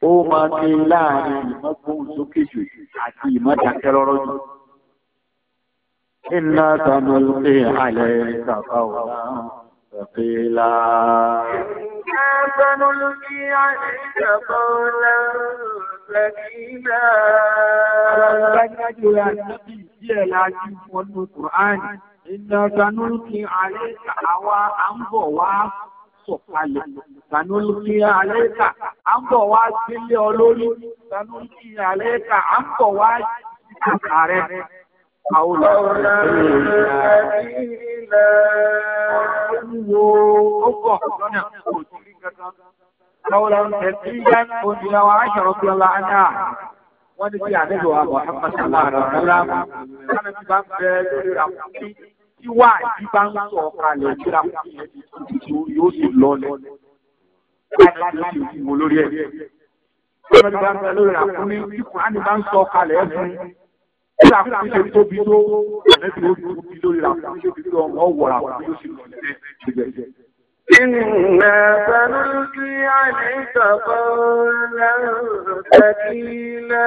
ó máa ń ní láàrin ìmọ̀gbóhùn sókè jù àti ìmọ̀dàkẹ́rọ́rọ́ jù. Iná tanu lè àlẹ́ kàkà ò Fẹ́fẹ́lá. Iná tanu lè àlẹ́ kàkà ò Fẹ́fẹ́lá. Alágbájú rẹ̀ àti díẹ̀ láti fọ́nù Kùránì. Iná tanu lè àlẹ́ kàkà wá à ń bọ̀ wá sọ̀kalẹ̀ sanúlùkì àlẹ́kà à ń bọ̀ wá sílé ọ lórí sanúlùkì à ń bọ̀ wá síkàkà rẹ. Àwòrán wo ó bọ̀ lọ́nà kò sí kankan. Kọ́wọ́lá ń tẹ̀sí yá onílà wa aṣọ ọ̀gbìn ọ̀la ánà tí wà ń sọ kalẹ̀ ìjọba yóò sì lọ lẹ. láti ṣe ìwò lórí ẹ̀. ọ̀nà ìgbà ń sọ lórí àkúnní tí kùránì bá ń sọ kalẹ̀ ẹ̀ fún tí àkúnní ṣe tóbi tó ẹ̀mẹ́bí ó tóbi lórí àkúnní ṣe tóbi tó ọmọ ọ̀wọ̀ àkúnní yóò sì lọ lẹ. Inna sanulki alayka qawlan thaqila.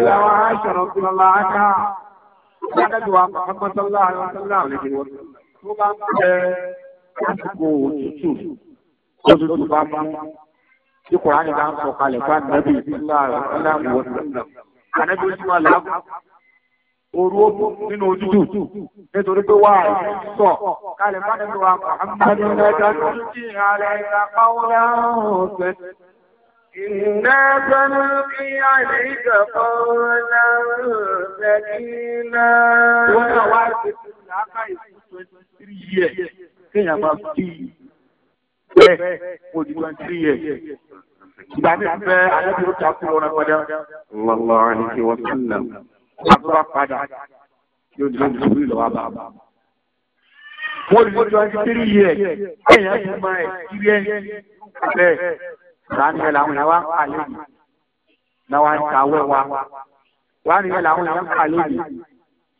Ìlànà àṣà rọ̀ sí ọlá àṣà. Ìdájọ́ wa pàápàá láàrin ọ̀sán láàrin ìgbìmọ̀. Tó bá ń bẹ àsìkò òtútù, òtútù bá mú. Tí Kùránì bá ń sọ kalẹ̀ fún ànábì láàrin ọ̀sán láàrin ìwọ̀sán. Ànábì oṣù wa làá orú ojú nínú òtútù nítorí pé wà sọ kalẹ̀ fún ànábì wa pàápàá. Ànábì oṣù إنا سنلقي عليك قولا ثقيلا وأنا واحد من العقائد kéèyàn máa fi bẹ́ẹ̀ ojú wa sí yẹ. Ìgbà tí a fẹ́ alábí ó takú lọ́nà padà. Lọ́lọ́ àni kí wọ́n tún nà. Àbúrò padà yóò di lójú orí lọ́wọ́ bàbá. Wọ́n di lójú wa sí yẹ. Kéèyàn ti máa ẹ̀ sí yẹ. Bẹ́ẹ̀ láàrin yẹn làwọn yẹn wá ń kà lónìí làwọn ń kàwé wa láàrin yẹn làwọn yẹn ń kà lónìí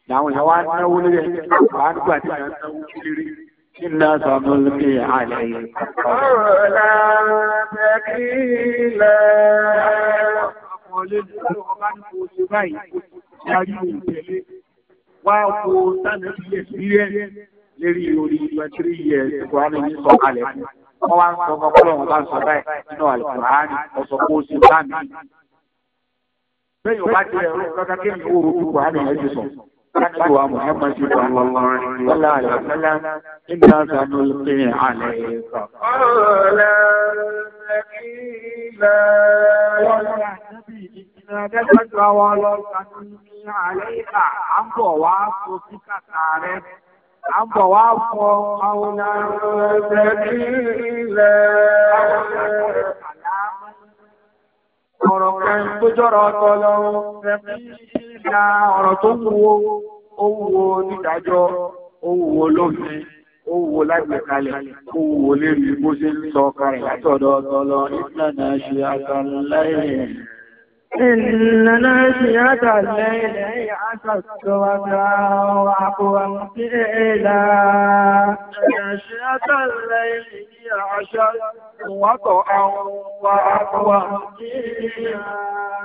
làwọn yẹn wá ń náwó lórí ẹni tí wàá ń gbà tí yẹn ń náwó kiri. Iná sọ̀rọ̀ lókè àlẹ́ yìí. Ọ̀rọ̀ la fẹ́ kí ilẹ̀. Ọmọ olójú ọba ní kò ṣe báyìí, ṣe wọ́n wá ń sọ ọmọ kọ́lọ̀ wọn bá ń sọ báyìí nínú àlùkùránì ọ̀sọ̀ kó o sì bá mi. lẹ́yìn ọba ti rẹ̀ ọ̀rọ̀ kí ni oòrùn kúkú àmì ẹ̀ ti sọ. láti wà Muhammad ṣe wà lọ́lá àlàkálá nígbà sànú lókè àlẹ́ ìgbà. ọ̀rọ̀ àbọ̀ wá fọ àwọn ìrẹ̀lẹ̀ ọ̀rọ̀ kan tó jọ́rọ̀ ọ̀tọ̀ lọ rẹ̀mílá ọ̀rọ̀ tó wúwo owó nídàjọ́ owó lófin owó lágbèkalẹ̀ owó lérí bó ṣe ń sọ ọkà rẹ̀ látọ̀dọ̀ ọ̀tọ̀ lọ nígbà náà ṣe àkàlẹ́ إن ناشئة الليل هي أشد وكرا وأقوم قيلا ناشئة الليل هي أشد وطئا وأقوم قيلا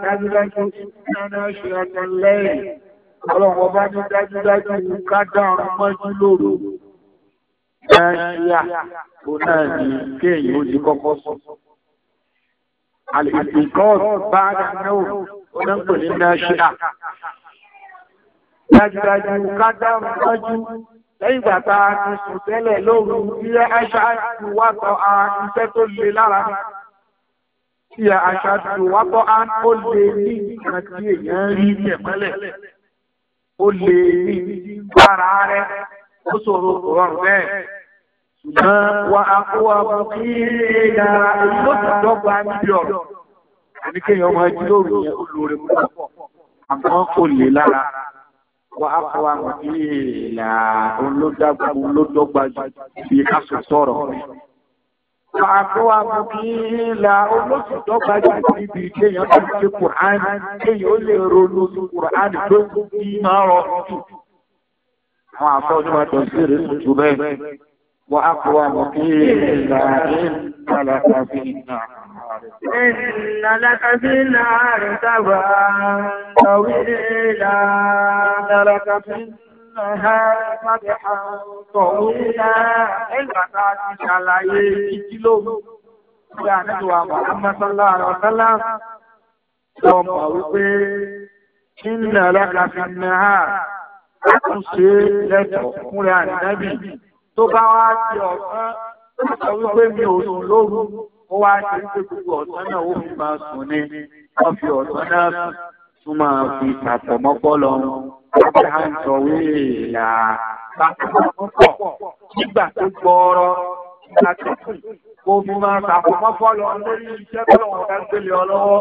كذبت إن ناشئة الليل Ọlọ́run ọba ní dájúdájú kádà mọ́jú lóru. Ẹ̀yà, kò náà ní kéèyàn ó ti kọ́kọ́ sọ alìsìnkọ́ọ̀sì bá dáná ó náà ń pè ní náṣíà dájúdájú kádá mọ́jú lẹ́yìn ìgbà tá a ti sùn tẹ́lẹ̀ lóru bí aṣá ti wá tọ́ a iṣẹ́ tó le lára tí aṣá ti wá tọ́ a ó lè ní nǹkan tí èèyàn rí tẹ̀mọ́lẹ̀ ó lè ní bára rẹ̀ ó ṣòro rọrùn bẹ́ẹ̀. Wà á kó àwọn kí ìlà ìlú ti dọ́gba níbi ọ̀rọ̀. Àní kéèyàn máa jí lóru yẹn olóore mú lọ́pọ̀. Àmọ́ kò lè lára. Wà á kó àwọn kí ìlà olódàgbà olódọ́gba bí ká sọ sọ̀rọ̀. Wà á kó àwọn kí ìlà olóṣùdọ́gba níbi kéèyàn ti ṣe Kùránì. Kéèyàn ó lè ronú Kùránì tó kú bí máa rọrùn jù. Àwọn àfọ̀ onímọ̀ tó ń ṣe rèé bẹ́ẹ̀. وأقوم قيل إن لك في النار إن لك في النار سبعا طويلا إن لك في النهار مدحا طويلا Ìgbàta ti ṣàlàyé ìkìlò ìgbà nígbà Muhammad sallallahu alaihi wasallam sọ mọ̀ wípé إن لك في النهار. Ó ṣe lẹ́tọ̀ọ́ fúnra Ànábì tó bá wá ti ọ̀sán ó sọ wípé mi ò sùn lóru ó wá ṣe pé gbogbo ọ̀sán náà ó fi máa sùn ni wọ́n fi ọ̀sán náà sùn tún máa fi tàfọ̀mọ́pọ́ lọ ọ̀pẹ́ à ń sọ wíìlà tàfọ̀mọ́pọ̀ nígbà tó gbọ́ọ́rọ́ nígbà tó kù mo fi máa tàfọ̀mọ́pọ́ lọ lórí iṣẹ́ tó lọ́wọ́ bá ọ lọ́wọ́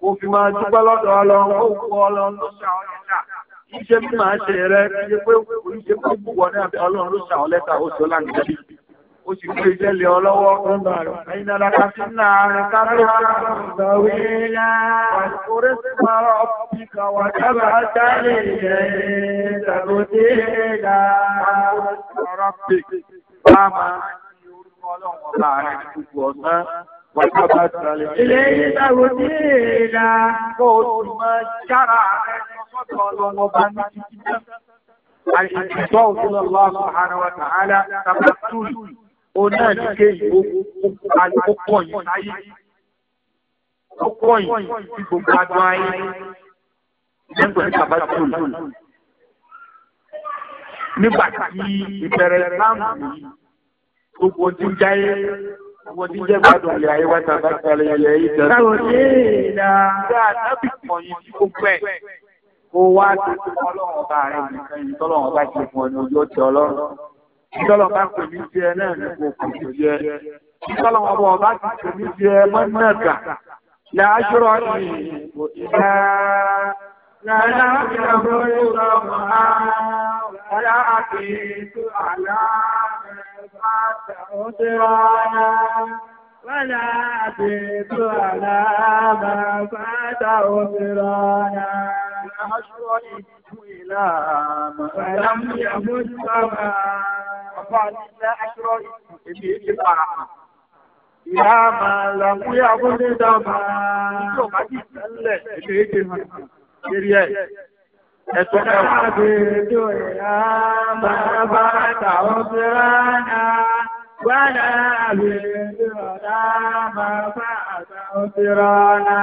kó fi máa dúpẹ́ lọ́dọ̀ ọ lọ́wọ́ ó ọ lọ́wọ́ ìṣe bí màá ṣe rẹ ṣe pé oríṣi pé gbogbo ọ̀nà àti ọlọ́run ló ṣàwọn lẹ́tà oṣù ọ̀làǹdẹ̀bí ó sì gbé iṣẹ́ lé ọ lọ́wọ́ ẹ̀yin alága sí náà rẹ kábẹ́ dábàá ọ̀rọ̀ bá máa ní orúkọ ọlọ́run ọba rẹ gbogbo ọ̀sán. Ilé yìí sọ́dọ̀ ọlọ́run ọba ní títí náà. Àìsíkọ́ òṣèlú Allah subhanahu wa ta'ala tabattul ó náà ní kéyìí ó pọ̀ yìí láyé. Ó pọ̀ yìí sí gbogbo adùn ayé. Lẹ́gbẹ̀ẹ́ ní tabattul. Nígbà tí ìbẹ̀rẹ̀ láàmù yìí, gbogbo ti ń jáyé. Àwọn tí jẹ́ gbádùn ilẹ̀ ayé wá tàbí àkàlẹ̀ ilẹ̀ yìí tẹ̀sán. Táwọn ṣe é là. Bí àtàbí pọ̀ yìí sí gbogbo ẹ̀. kó wá sí ọlọ́run ọba rẹ nìkan yìí tọ́lọ́run ọba fún ọ ní ojú ọtí ọlọ́run tọ́lọ́run bá pè mí jẹ náà ní kò kò sì jẹ tọ́lọ́run ọba ọba ti pè mí jẹ mọ́nàgà ní حشره Ìyá máa làkú yà fún ní dámà tó bá jì sẹ́lẹ̀ èdè èdè hàn lérí ẹ̀. Ẹ̀tọ́ ẹ̀wọ̀n. Láàbí ètò ìyá máa bá tàwọn fẹ́rẹ́ náà. ولا بالرنا ما فعل سرانا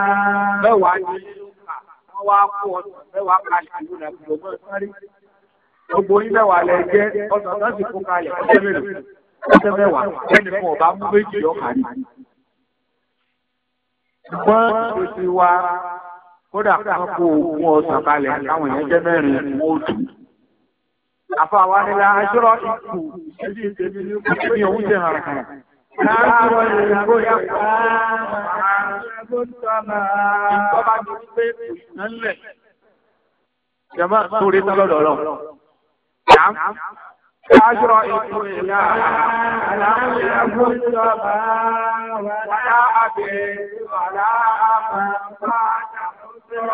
wá kó ọdún mẹ́wàá kalẹ̀ ìlú rẹ̀ kò mọ́ sáré. Gbogbo yín mẹ́wàá lẹ jẹ́ ọ̀sán náà kó kalẹ̀ ọjọ́ mélòó. Ọjọ́ mẹ́wàá ẹnì kan ọ̀bá mú méjì ọ̀kàrí. Ṣùgbọ́n èsì wa kódà kan kó oògùn ọ̀sán kalẹ̀ káwọn èèyàn jẹ́ mẹ́rin mọ́ òtún. Àfọwọ́ nílá aṣọ́rọ̀ ìkù ìṣèlú ìṣèlú ní Láàárọ̀ ìyàwó yàpá ìjọba ti pé ńlẹ̀. Jọba sórí tọ́lọ́dọ̀ lọ. Láàárọ̀ ìlú ìyá aláwọ̀ ìyàwó ìjọba wàlá àbẹ̀ wàlá àpapọ̀ àtàkùn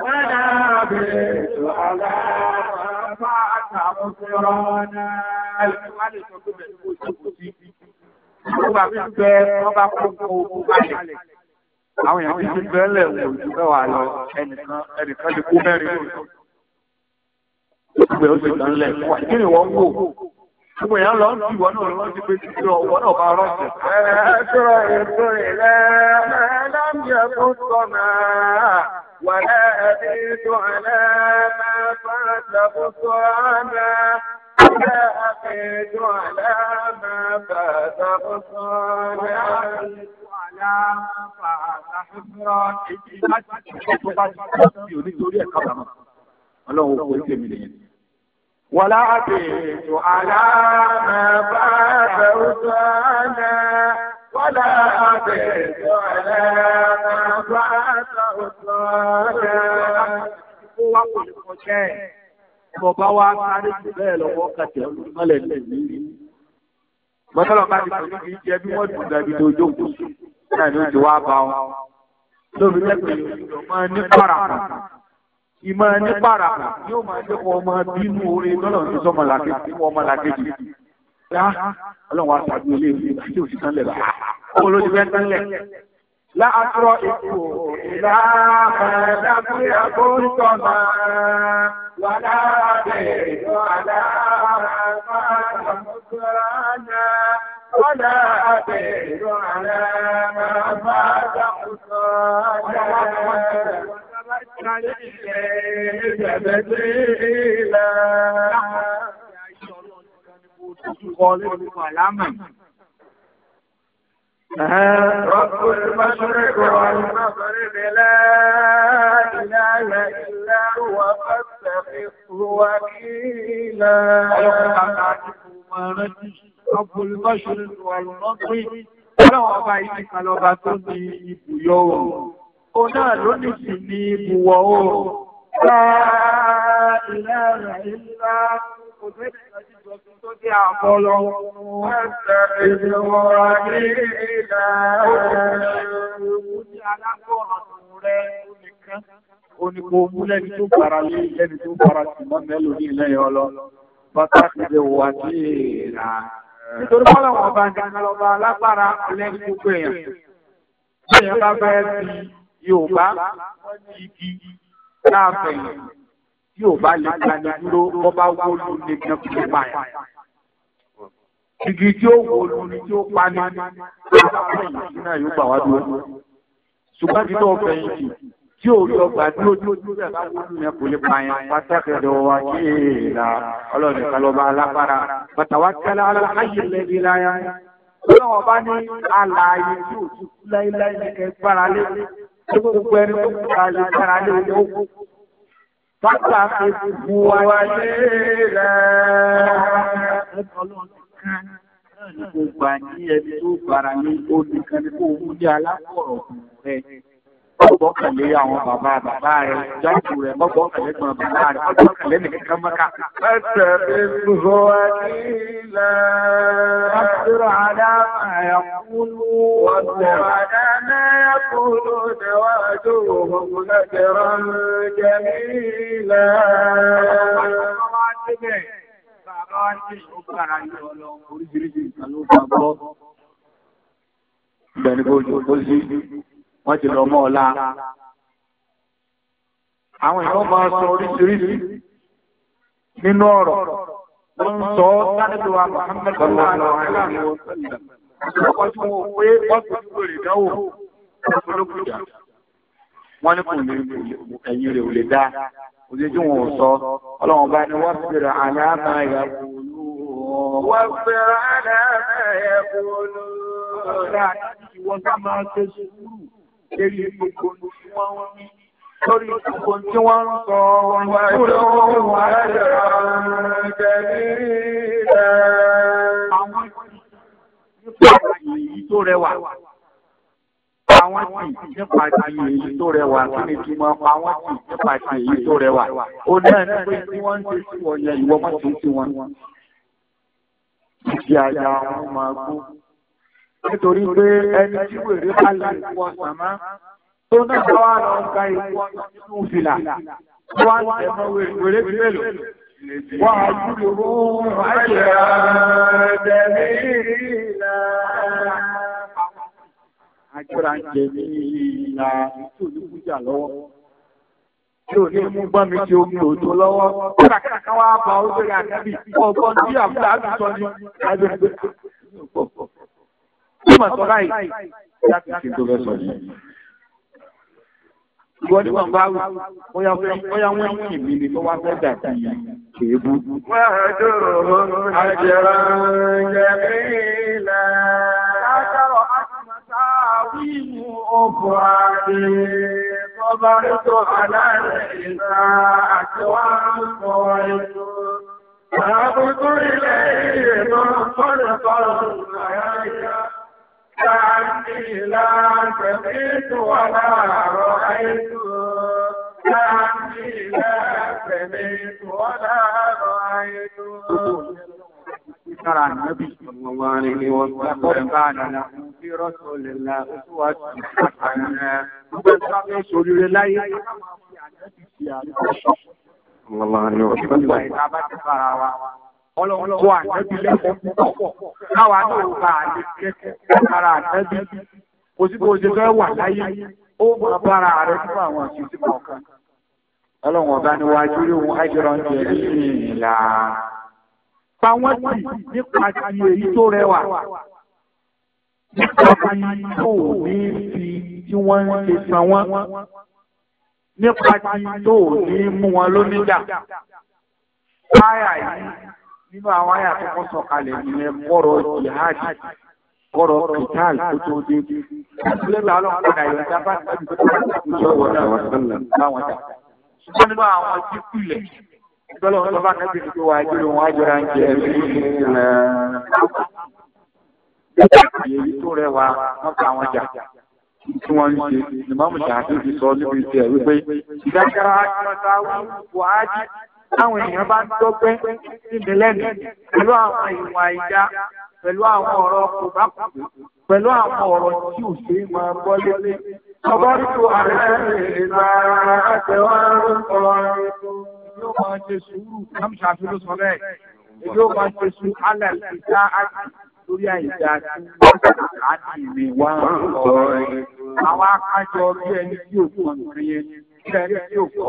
Wọ́n dára bèèrè tó àlàáfà àmúfẹ́rọ́nà ẹlẹ́wàlẹ̀ sọ pé bẹ̀rẹ̀ kó ìṣòkò Àwọn èèyàn ti bẹ́ lẹ̀ wò ju mẹ́wàá lọ ẹnìkan ẹnìkan kó mẹ́rin lóòótọ́. Ìgbẹ́ ó ti kàn lẹ̀. Kí ni wọ́n wò? Gbogbo èèyàn lọ sí ìwọ náà lọ́wọ́ sí pé kí lọ ọwọ́ náà bá rọ̀ṣẹ̀. Ẹ̀ẹ́dọ́rọ̀ ètò ìlẹ́ẹ̀mẹ́lẹ́mìẹ́ sọ̀nà. ولا أبيت على ما فات خسرانا ولا أبيت على ما فات خسرانا Ọlọ́run kò ní tèmi lèyìn. Wọ́n láàbì ètò àlàáfẹ́ bá bẹ̀rù sọ́nà. ولا أبد ولا أبعد الله وقل خشين bọ̀bá wa sáré jù bẹ́ẹ̀ lọ́wọ́ kàtẹ́ ọlọ́mọlẹ̀ lẹ́yìn mọ́tọ́lọ́ bá ti sọ ní kìí jẹ́ bí wọ́n dùn dàbí tó jókòó sí náà ni ó ti wá bá wọn. lóbi lẹ́pẹ̀ yóò máa ní pàràpà ìmọ̀ ní pàràpà yóò máa jẹ́ kó ọmọ bínú oore lọ́nà tó sọmọlàkejì fún ọmọlàkejì rá ọlọ́run wa sàbí olè ìlú àti òsì tánlẹ̀ rà ó ló ti fẹ́ tánlẹ̀. láàárọ̀ ìkú ìlà àdàbí àkóńtọ̀ máa wà láàbẹ̀ wàlá àmọ́tòránà wàlá àbẹ̀ wàlá àmọ́tòránà. Ìjọba ti ń lè ṣẹ̀bẹ̀ sí ìlà. dojúkọ lórí àlámà. رب المشرق والمغرب لا إله إلا هو فاتخذه وكيلا. رب المشرق والمغرب ọlọ́wọ́ ọba ibi kan lọ́ba tó ní ibùyọ oòrùn ó náà ló Onípo múlẹ́ni tó fara lé ẹni tó fara sí mọ́ mẹ́lò ní ilẹ̀ ọlọ́, bàtà ìdẹ̀ wà ní ìrà. Nítorí pọ́lọ̀wọ̀n ọba ìdánilọ́ba alágbára lẹ́ni gbogbo èèyàn. Bí èèyàn bá bẹ́ẹ̀ bí Yorùbá, wọ́n ní tí ò bá lè gbani dúró bọ́ bá wọ́lú ní kan kí lè máa yà. Igi tí ó wọ́lú ni tí ó pa ní ọlọ́pàá náà yóò gbà wá dúró. Ṣùgbọ́n títọ́ fẹ̀yìntì tí ò lọ gbà dúró tí ó dúró bẹ̀ bá wọ́lú ní kò lè pa yà. Pátákì lọ wá kí èèlà ọlọ́ọ̀dẹ kan lọ́ba alápára. Bàtàwá kẹ́lá aláyé lẹ́bi láyà. bá ní alààyè tí ò láéláé ní kẹ́ gbára lé. Gbogbo ẹni tó gbára gbára lé ó Pápá fi gbogbo wa lélẹ̀. Ọlọ́run ti kán tó bára ní ó nìkan ní kó mú jẹ́ alákọ̀ọ́rọ̀ rẹ̀ mọ́gbọ́kànlé àwọn bàbá bàbá rẹ̀ jáàpù rẹ̀ mọ́gbọ́kànlé kan bàbá rẹ̀ mọ́gbọ́kànlé nìkan mọ́ká. ẹsẹ̀ mi sọ ẹni ilẹ̀ àbúrò àdáyà ọ̀sẹ̀ àdáyà kúlú tẹ̀wájú òhun lẹ́tẹ̀rọ jẹ́mi Bàbá wa ní ìṣòkò ara ní oríṣiríṣi nǹkan ló gbàgbọ́. Bẹ̀ni kò jù kó sí wọ́n ti lọ mọ́ ọlá àwọn èèyàn máa sọ oríṣiríṣi nínú ọ̀rọ̀ wọ́n sọ sálẹ́lúwà wa sallam ọkọ̀ wọ́n ní kò ní ẹ̀yìn rẹ̀ ò lè dá òjèjú wọn ò sọ ọlọ́run bá ní wọ́n bẹ̀rẹ̀ àyàmà ìyàwó wọ́n lérí gbogbo tí wọ́n ń rí lórí gbogbo tí wọ́n ń sọ wọn kúrò wọn ẹ̀rọ kẹ̀lí rẹ̀. àwọn nípa èyí tó rẹwà àwọn tì nípa ti èyí tó rẹwà kí ni tí mo àwọn tì nípa ti èyí tó rẹwà ó náà ní pé tí wọ́n ń ṣe sí wọn ìwọ́n mọ̀ ń ṣe wọn. ìdí àyà wọn máa gbó nítorí pé ẹni tí wèrè bá lè wọ sàmá tó náà wà lọ gba ìwọ nínú fìlà wà ní wèrè bí mélòó. dúró fún àjẹ́ àdẹ̀mí ìlà. Àjọra ní ìlà ó mà sọ báyìí láti ṣe tó fẹ́ sọ yìí. Ìwọ ni wọ́n bá wù, bóyá wọ́n ń kìí mi tó wá fẹ́ dàbí kéébù. Wàhádùrù àjẹrà jẹ̀mí ilẹ̀. Lájọ́rọ̀ àtúmọ̀tá wíwú ọkọ̀ àti bọ́bá tó aláìsẹ̀ ìta àti تأتي لا سمعت ولا رأيت تأتي لا سمعت ولا رأيت ترى النبي صلى الله عليه وسلم كان له في رسول الله أسوة حسنة رسول الله صلى الله عليه وسلم ọlọ́wọ́ ànábì lẹ́kọ̀ọ́ káwa náà bá a kẹ́kọ̀ọ́ lára ànábì kò sí bó ṣe fẹ́ wà láyé ó máa bára rẹ nínú àwọn àṣìṣe kọ̀ọ̀kan. ọlọ́wọ́n ọba ni wàá júlé òun ájọrọ̀ ń jẹ ìlà. pa wọ́n tì nípa ti èyí tó rẹwà nípa ti tó ní fi tí wọ́n ń ṣe san wọ́n nípa ti tó ní mú wọn lóníjà. Báyà yìí nínú àwọn àyà tó kọ́ sọ̀kalẹ̀ ìyẹn kọ́rọ̀ jihad kọ́rọ̀ kìtàl tó tó dé. Ìgbésẹ̀ ọlọ́kọ̀ọ́dà bá tí wọ́n ń ṣe táwọn èèyàn bá ń dọ́gbẹ́ síbi lẹ́nu pẹ̀lú àwọn ìwà ìjà pẹ̀lú àwọn ọ̀rọ̀ kòbákùkù pẹ̀lú àwọn ọ̀rọ̀ tí ò ṣe é máa gbọ́ lélẹ̀. ọgọ́rùn-ún ààrẹ ìgbà àtẹwà ọ̀rọ̀ yóò máa ṣe sùúrù kámsà fi ló sọ bẹ́ẹ̀ yóò máa ṣe sùúrù alẹ́ ìjà àti lórí àìjà tí wọ́n àti ìmì wá ń sọ àwọn akájọ bí ẹni tí ò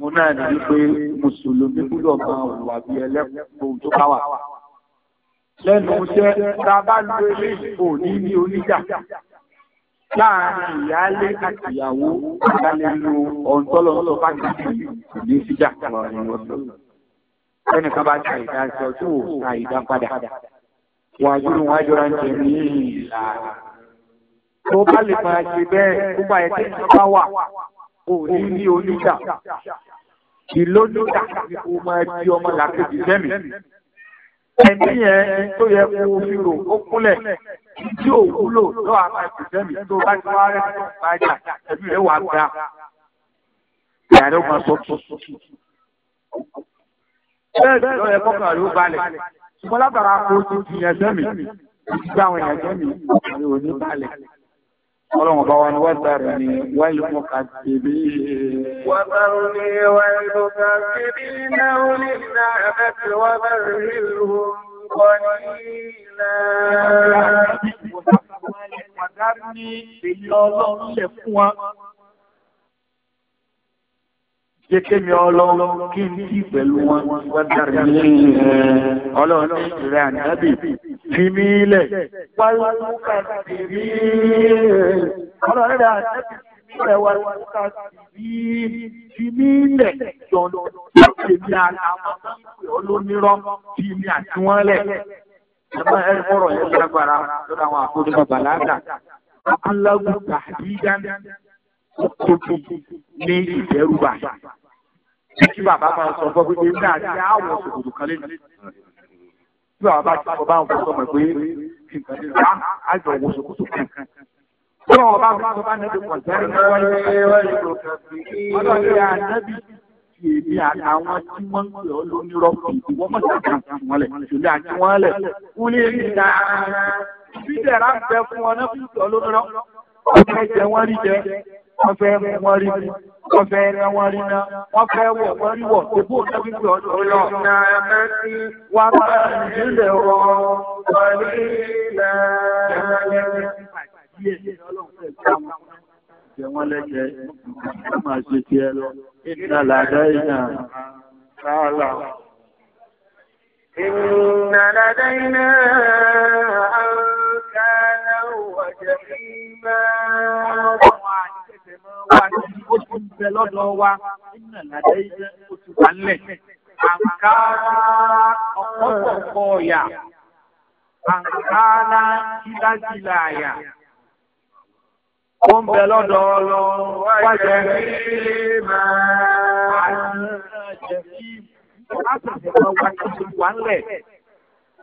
mo náà ní wípé mùsùlùmí gbúdọ̀ máa wà bí ẹlẹ́kùn tó bá wà. lẹ́nu iṣẹ́ tá a bá lo ilé ìbò ní ní oníjà láàrin ìyáálé àti ìyàwó ìdálé nínú ọ̀ǹtọ́lọ̀ ń sọ bá ti di ní síjà. ẹnìkan bá ta ìdá sọ tí ò ta ìdá padà wàjú ni wọ́n á jọra ń jẹ ní ìlà. tó bá lè máa ṣe bẹ́ẹ̀ kó bá ẹ tẹ́lẹ̀ bá wà kò ní oníjà ìlójú dàkàtì kó máa di ọmọ làkejì sẹ́mi. ẹ̀mí yẹn tó yẹ kó o fi rò ó kúnlẹ̀ tí ò wúlò lọ́wọ́ àwọn ẹ̀kọ́ sẹ́mi tó bá ti wá rẹ̀ tó bá jà ẹ̀mí rẹ̀ wà gbà. ìyàrá ó máa sọ tuntun. bẹ́ẹ̀ ni ọ̀rẹ́ kọ́kàn ló balẹ̀ ṣùgbọ́n látara kó o ti yẹn sẹ́mi ìgbà àwọn èèyàn sẹ́mi ọ̀rẹ́ ò ní balẹ̀ ọlọ́run bá wa ní wátàrí ni wáyé mọ́ ká ti bí wátàrí ni wáyé mọ́ ká bí náà náà ní ilẹ̀ jẹ́ kémi ọlọ́run kí n tí pẹ̀lú wọn wọ́n dára ní ọlọ́run rẹ̀ ànábì fi mí lẹ̀ wàlúkà sí rí ọlọ́run rẹ̀ ànábì fi mí lẹ̀ wàlúkà sí rí fi mí lẹ̀ jọ̀nà èmi àtàwọn olónírọ́ fi mí àti wọ́n lẹ̀ ẹgbẹ́ ẹ̀rí fọ́rọ̀ yẹn lágbára lọ́dọ̀ àwọn àkójọ bàlágà kókó ní ìdẹ́rùbà kí bàbá máa sọ fọ́ pé nígbà tí àwọn òṣèlú kan lé ní. tí bàbá bá ti sọ bá ń fọ sọmọ pé a ní ìgbà àjọ wo ṣòkòtò kan. tí wọn bá bá bá nẹbi pọ̀ sẹ́yìn náà wọ́n lé wọ́n lè lò kàbí. ọlọ́run ní ànábì ti èmi àtàwọn tí wọ́n ń pè ọ́ lónírọ́ fìdí wọ́n mọ̀ sí kan wọn lẹ̀ ṣùgbọ́n àti wọn lẹ̀ wọ́n lè rí ìdá bídẹ̀rá ń wọ́n fẹ́ wọ́n rí mi wọ́n fẹ́ rẹ wọ́n rí ná wọ́n fẹ́ wọ̀ wọ́n rí wọ̀ tó bó tẹ́bí pé ọdún ọlọ́ wà bá ìdílé wọn pẹ̀lú ilẹ̀ jẹ wọ́n lẹ́jẹ́ ọmọ àṣẹ ti ẹ lọ iná làdá iná sáàlà iná làdá iná àǹkà àtẹ̀mọ́ wa ní ó tún bẹ lọ́dọ̀ wa nínú ìlànà iṣẹ́ oṣù wa Àǹkárá ọ̀pọ̀lọpọ̀ ọ̀yà. Àǹkárá kíláàkílà àyà. Ó ń bẹ lọ́dọ̀ lọ wájẹ máa àti ìjẹ̀kí. Ó á sọ̀rọ̀ wá ní oṣù wa ńlẹ̀.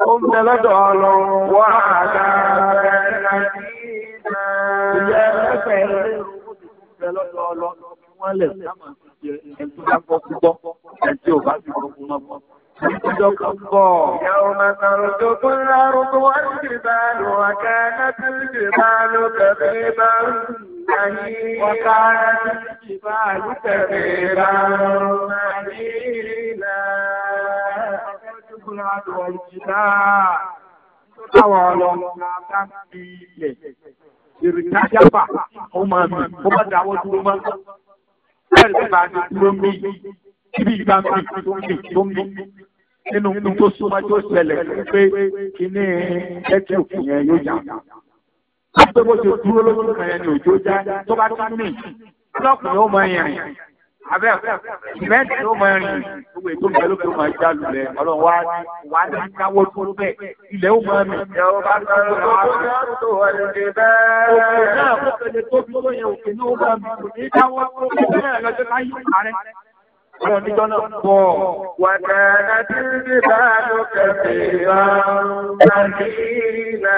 ó ń bẹ lọ́dọ̀ ọlọ́run wá àdá ìyá ẹlẹ́fẹ̀ ẹlẹ́rú lọ́dọ̀ ọlọ́run wọ́n lẹ̀ sáwọn ti jẹ ẹni tó bá gbọ́ gbọ́ ẹni tí ò bá ti gbọ́ gbọ́ Ìjọ kan bọ̀. Yàwó máa sọ̀rọ̀ tó kún lárùn tó wá ní ìbálò àká láti ìbálò kẹfẹ́ ìbálò. وكانت الجبال كثيرا مهيلا تبلد والجبال طوال ìrìnàjàpá ó máa mi ó bá dáwọ́ dúró máa bẹ́ẹ̀ bá ti dúró mí ibi ìgbà nínú tó súnmọ́jú ṣẹlẹ̀ pé kíní ẹtì òkú yẹn yóò yá. wọ́n bó ṣe dúró lójú kan yẹn ni òjò já tó bá tún mì lọ́kùnrin ó mọ ẹ̀yìn rìn abẹ́ mẹ́tì ó mọ ẹ̀rìn gbogbo ètò ìgbà ló fi máa já lulẹ̀ ọlọ́run wá wá ní káwó tó bẹ́ẹ̀ ilẹ̀ ó mọ mi. ìjọba sọ̀rọ̀ lọ́wọ́ tó wà lóde bẹ́ẹ̀. Àwọn oníjọ́ náà pọ̀. Wàtàrà ṣẹlẹ̀ ìjọ náà ní pé àìsíkà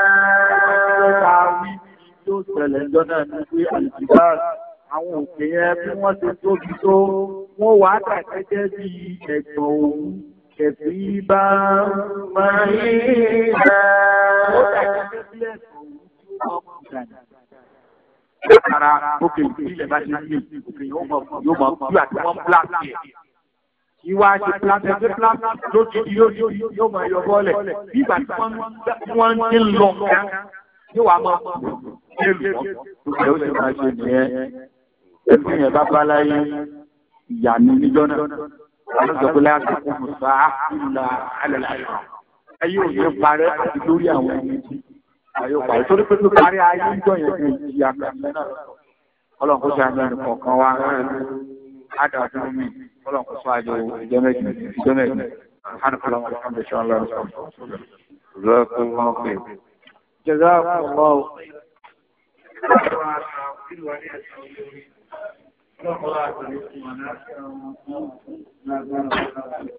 àwọn òkè yẹn bí wọ́n ti tóbi tó, wọ́n wà á kà gẹ́gẹ́ bí ẹ̀gbọ̀n òun. bá máa ń rí ìgbà. Ó dàgbà bí ẹ̀sùn tí ó máa ń látara òkè ìpínlẹ̀ bá ṣe yé òkè yóò mọ̀ yóò mọ̀ bí àti wọ́n pílàtì ẹ̀. Ìwà ṣe pílàtì ẹ̀ pílàtì lójijì yóò mọ̀ ẹ̀yọ bọ́ọ̀lẹ̀ bí ìgbà tí wọ́n ń lọ kan yóò wá mọ̀ nílùú wọn. Ìgbà yóò ṣe máa ṣe nìyẹn. Ẹbí yẹn bá bá láyé ìyá ni níjọ́ náà. Àwọn ìjọba láti kún mùsà á kúlà alẹ́ láyé. Ayé òye parẹ́ àti lórí àwọn ẹni tí ayé òpàdé torí pé ló parí ayé ń jọyìn ju ìjìyà kàmẹ́ náà ọlọ́run kó ṣe àmẹ́rin kọ̀ọ̀kan wa ádàdúró mi ọlọ́run kó ṣe àjọ ìjọ méjì ìjọ méjì hànàkọ́lá wọn kàn lè ṣe wọn lọ́rùn sọ̀rọ̀ lọ́kùn wọn pè. jẹ́zá ọ̀pọ̀ o. Thank you.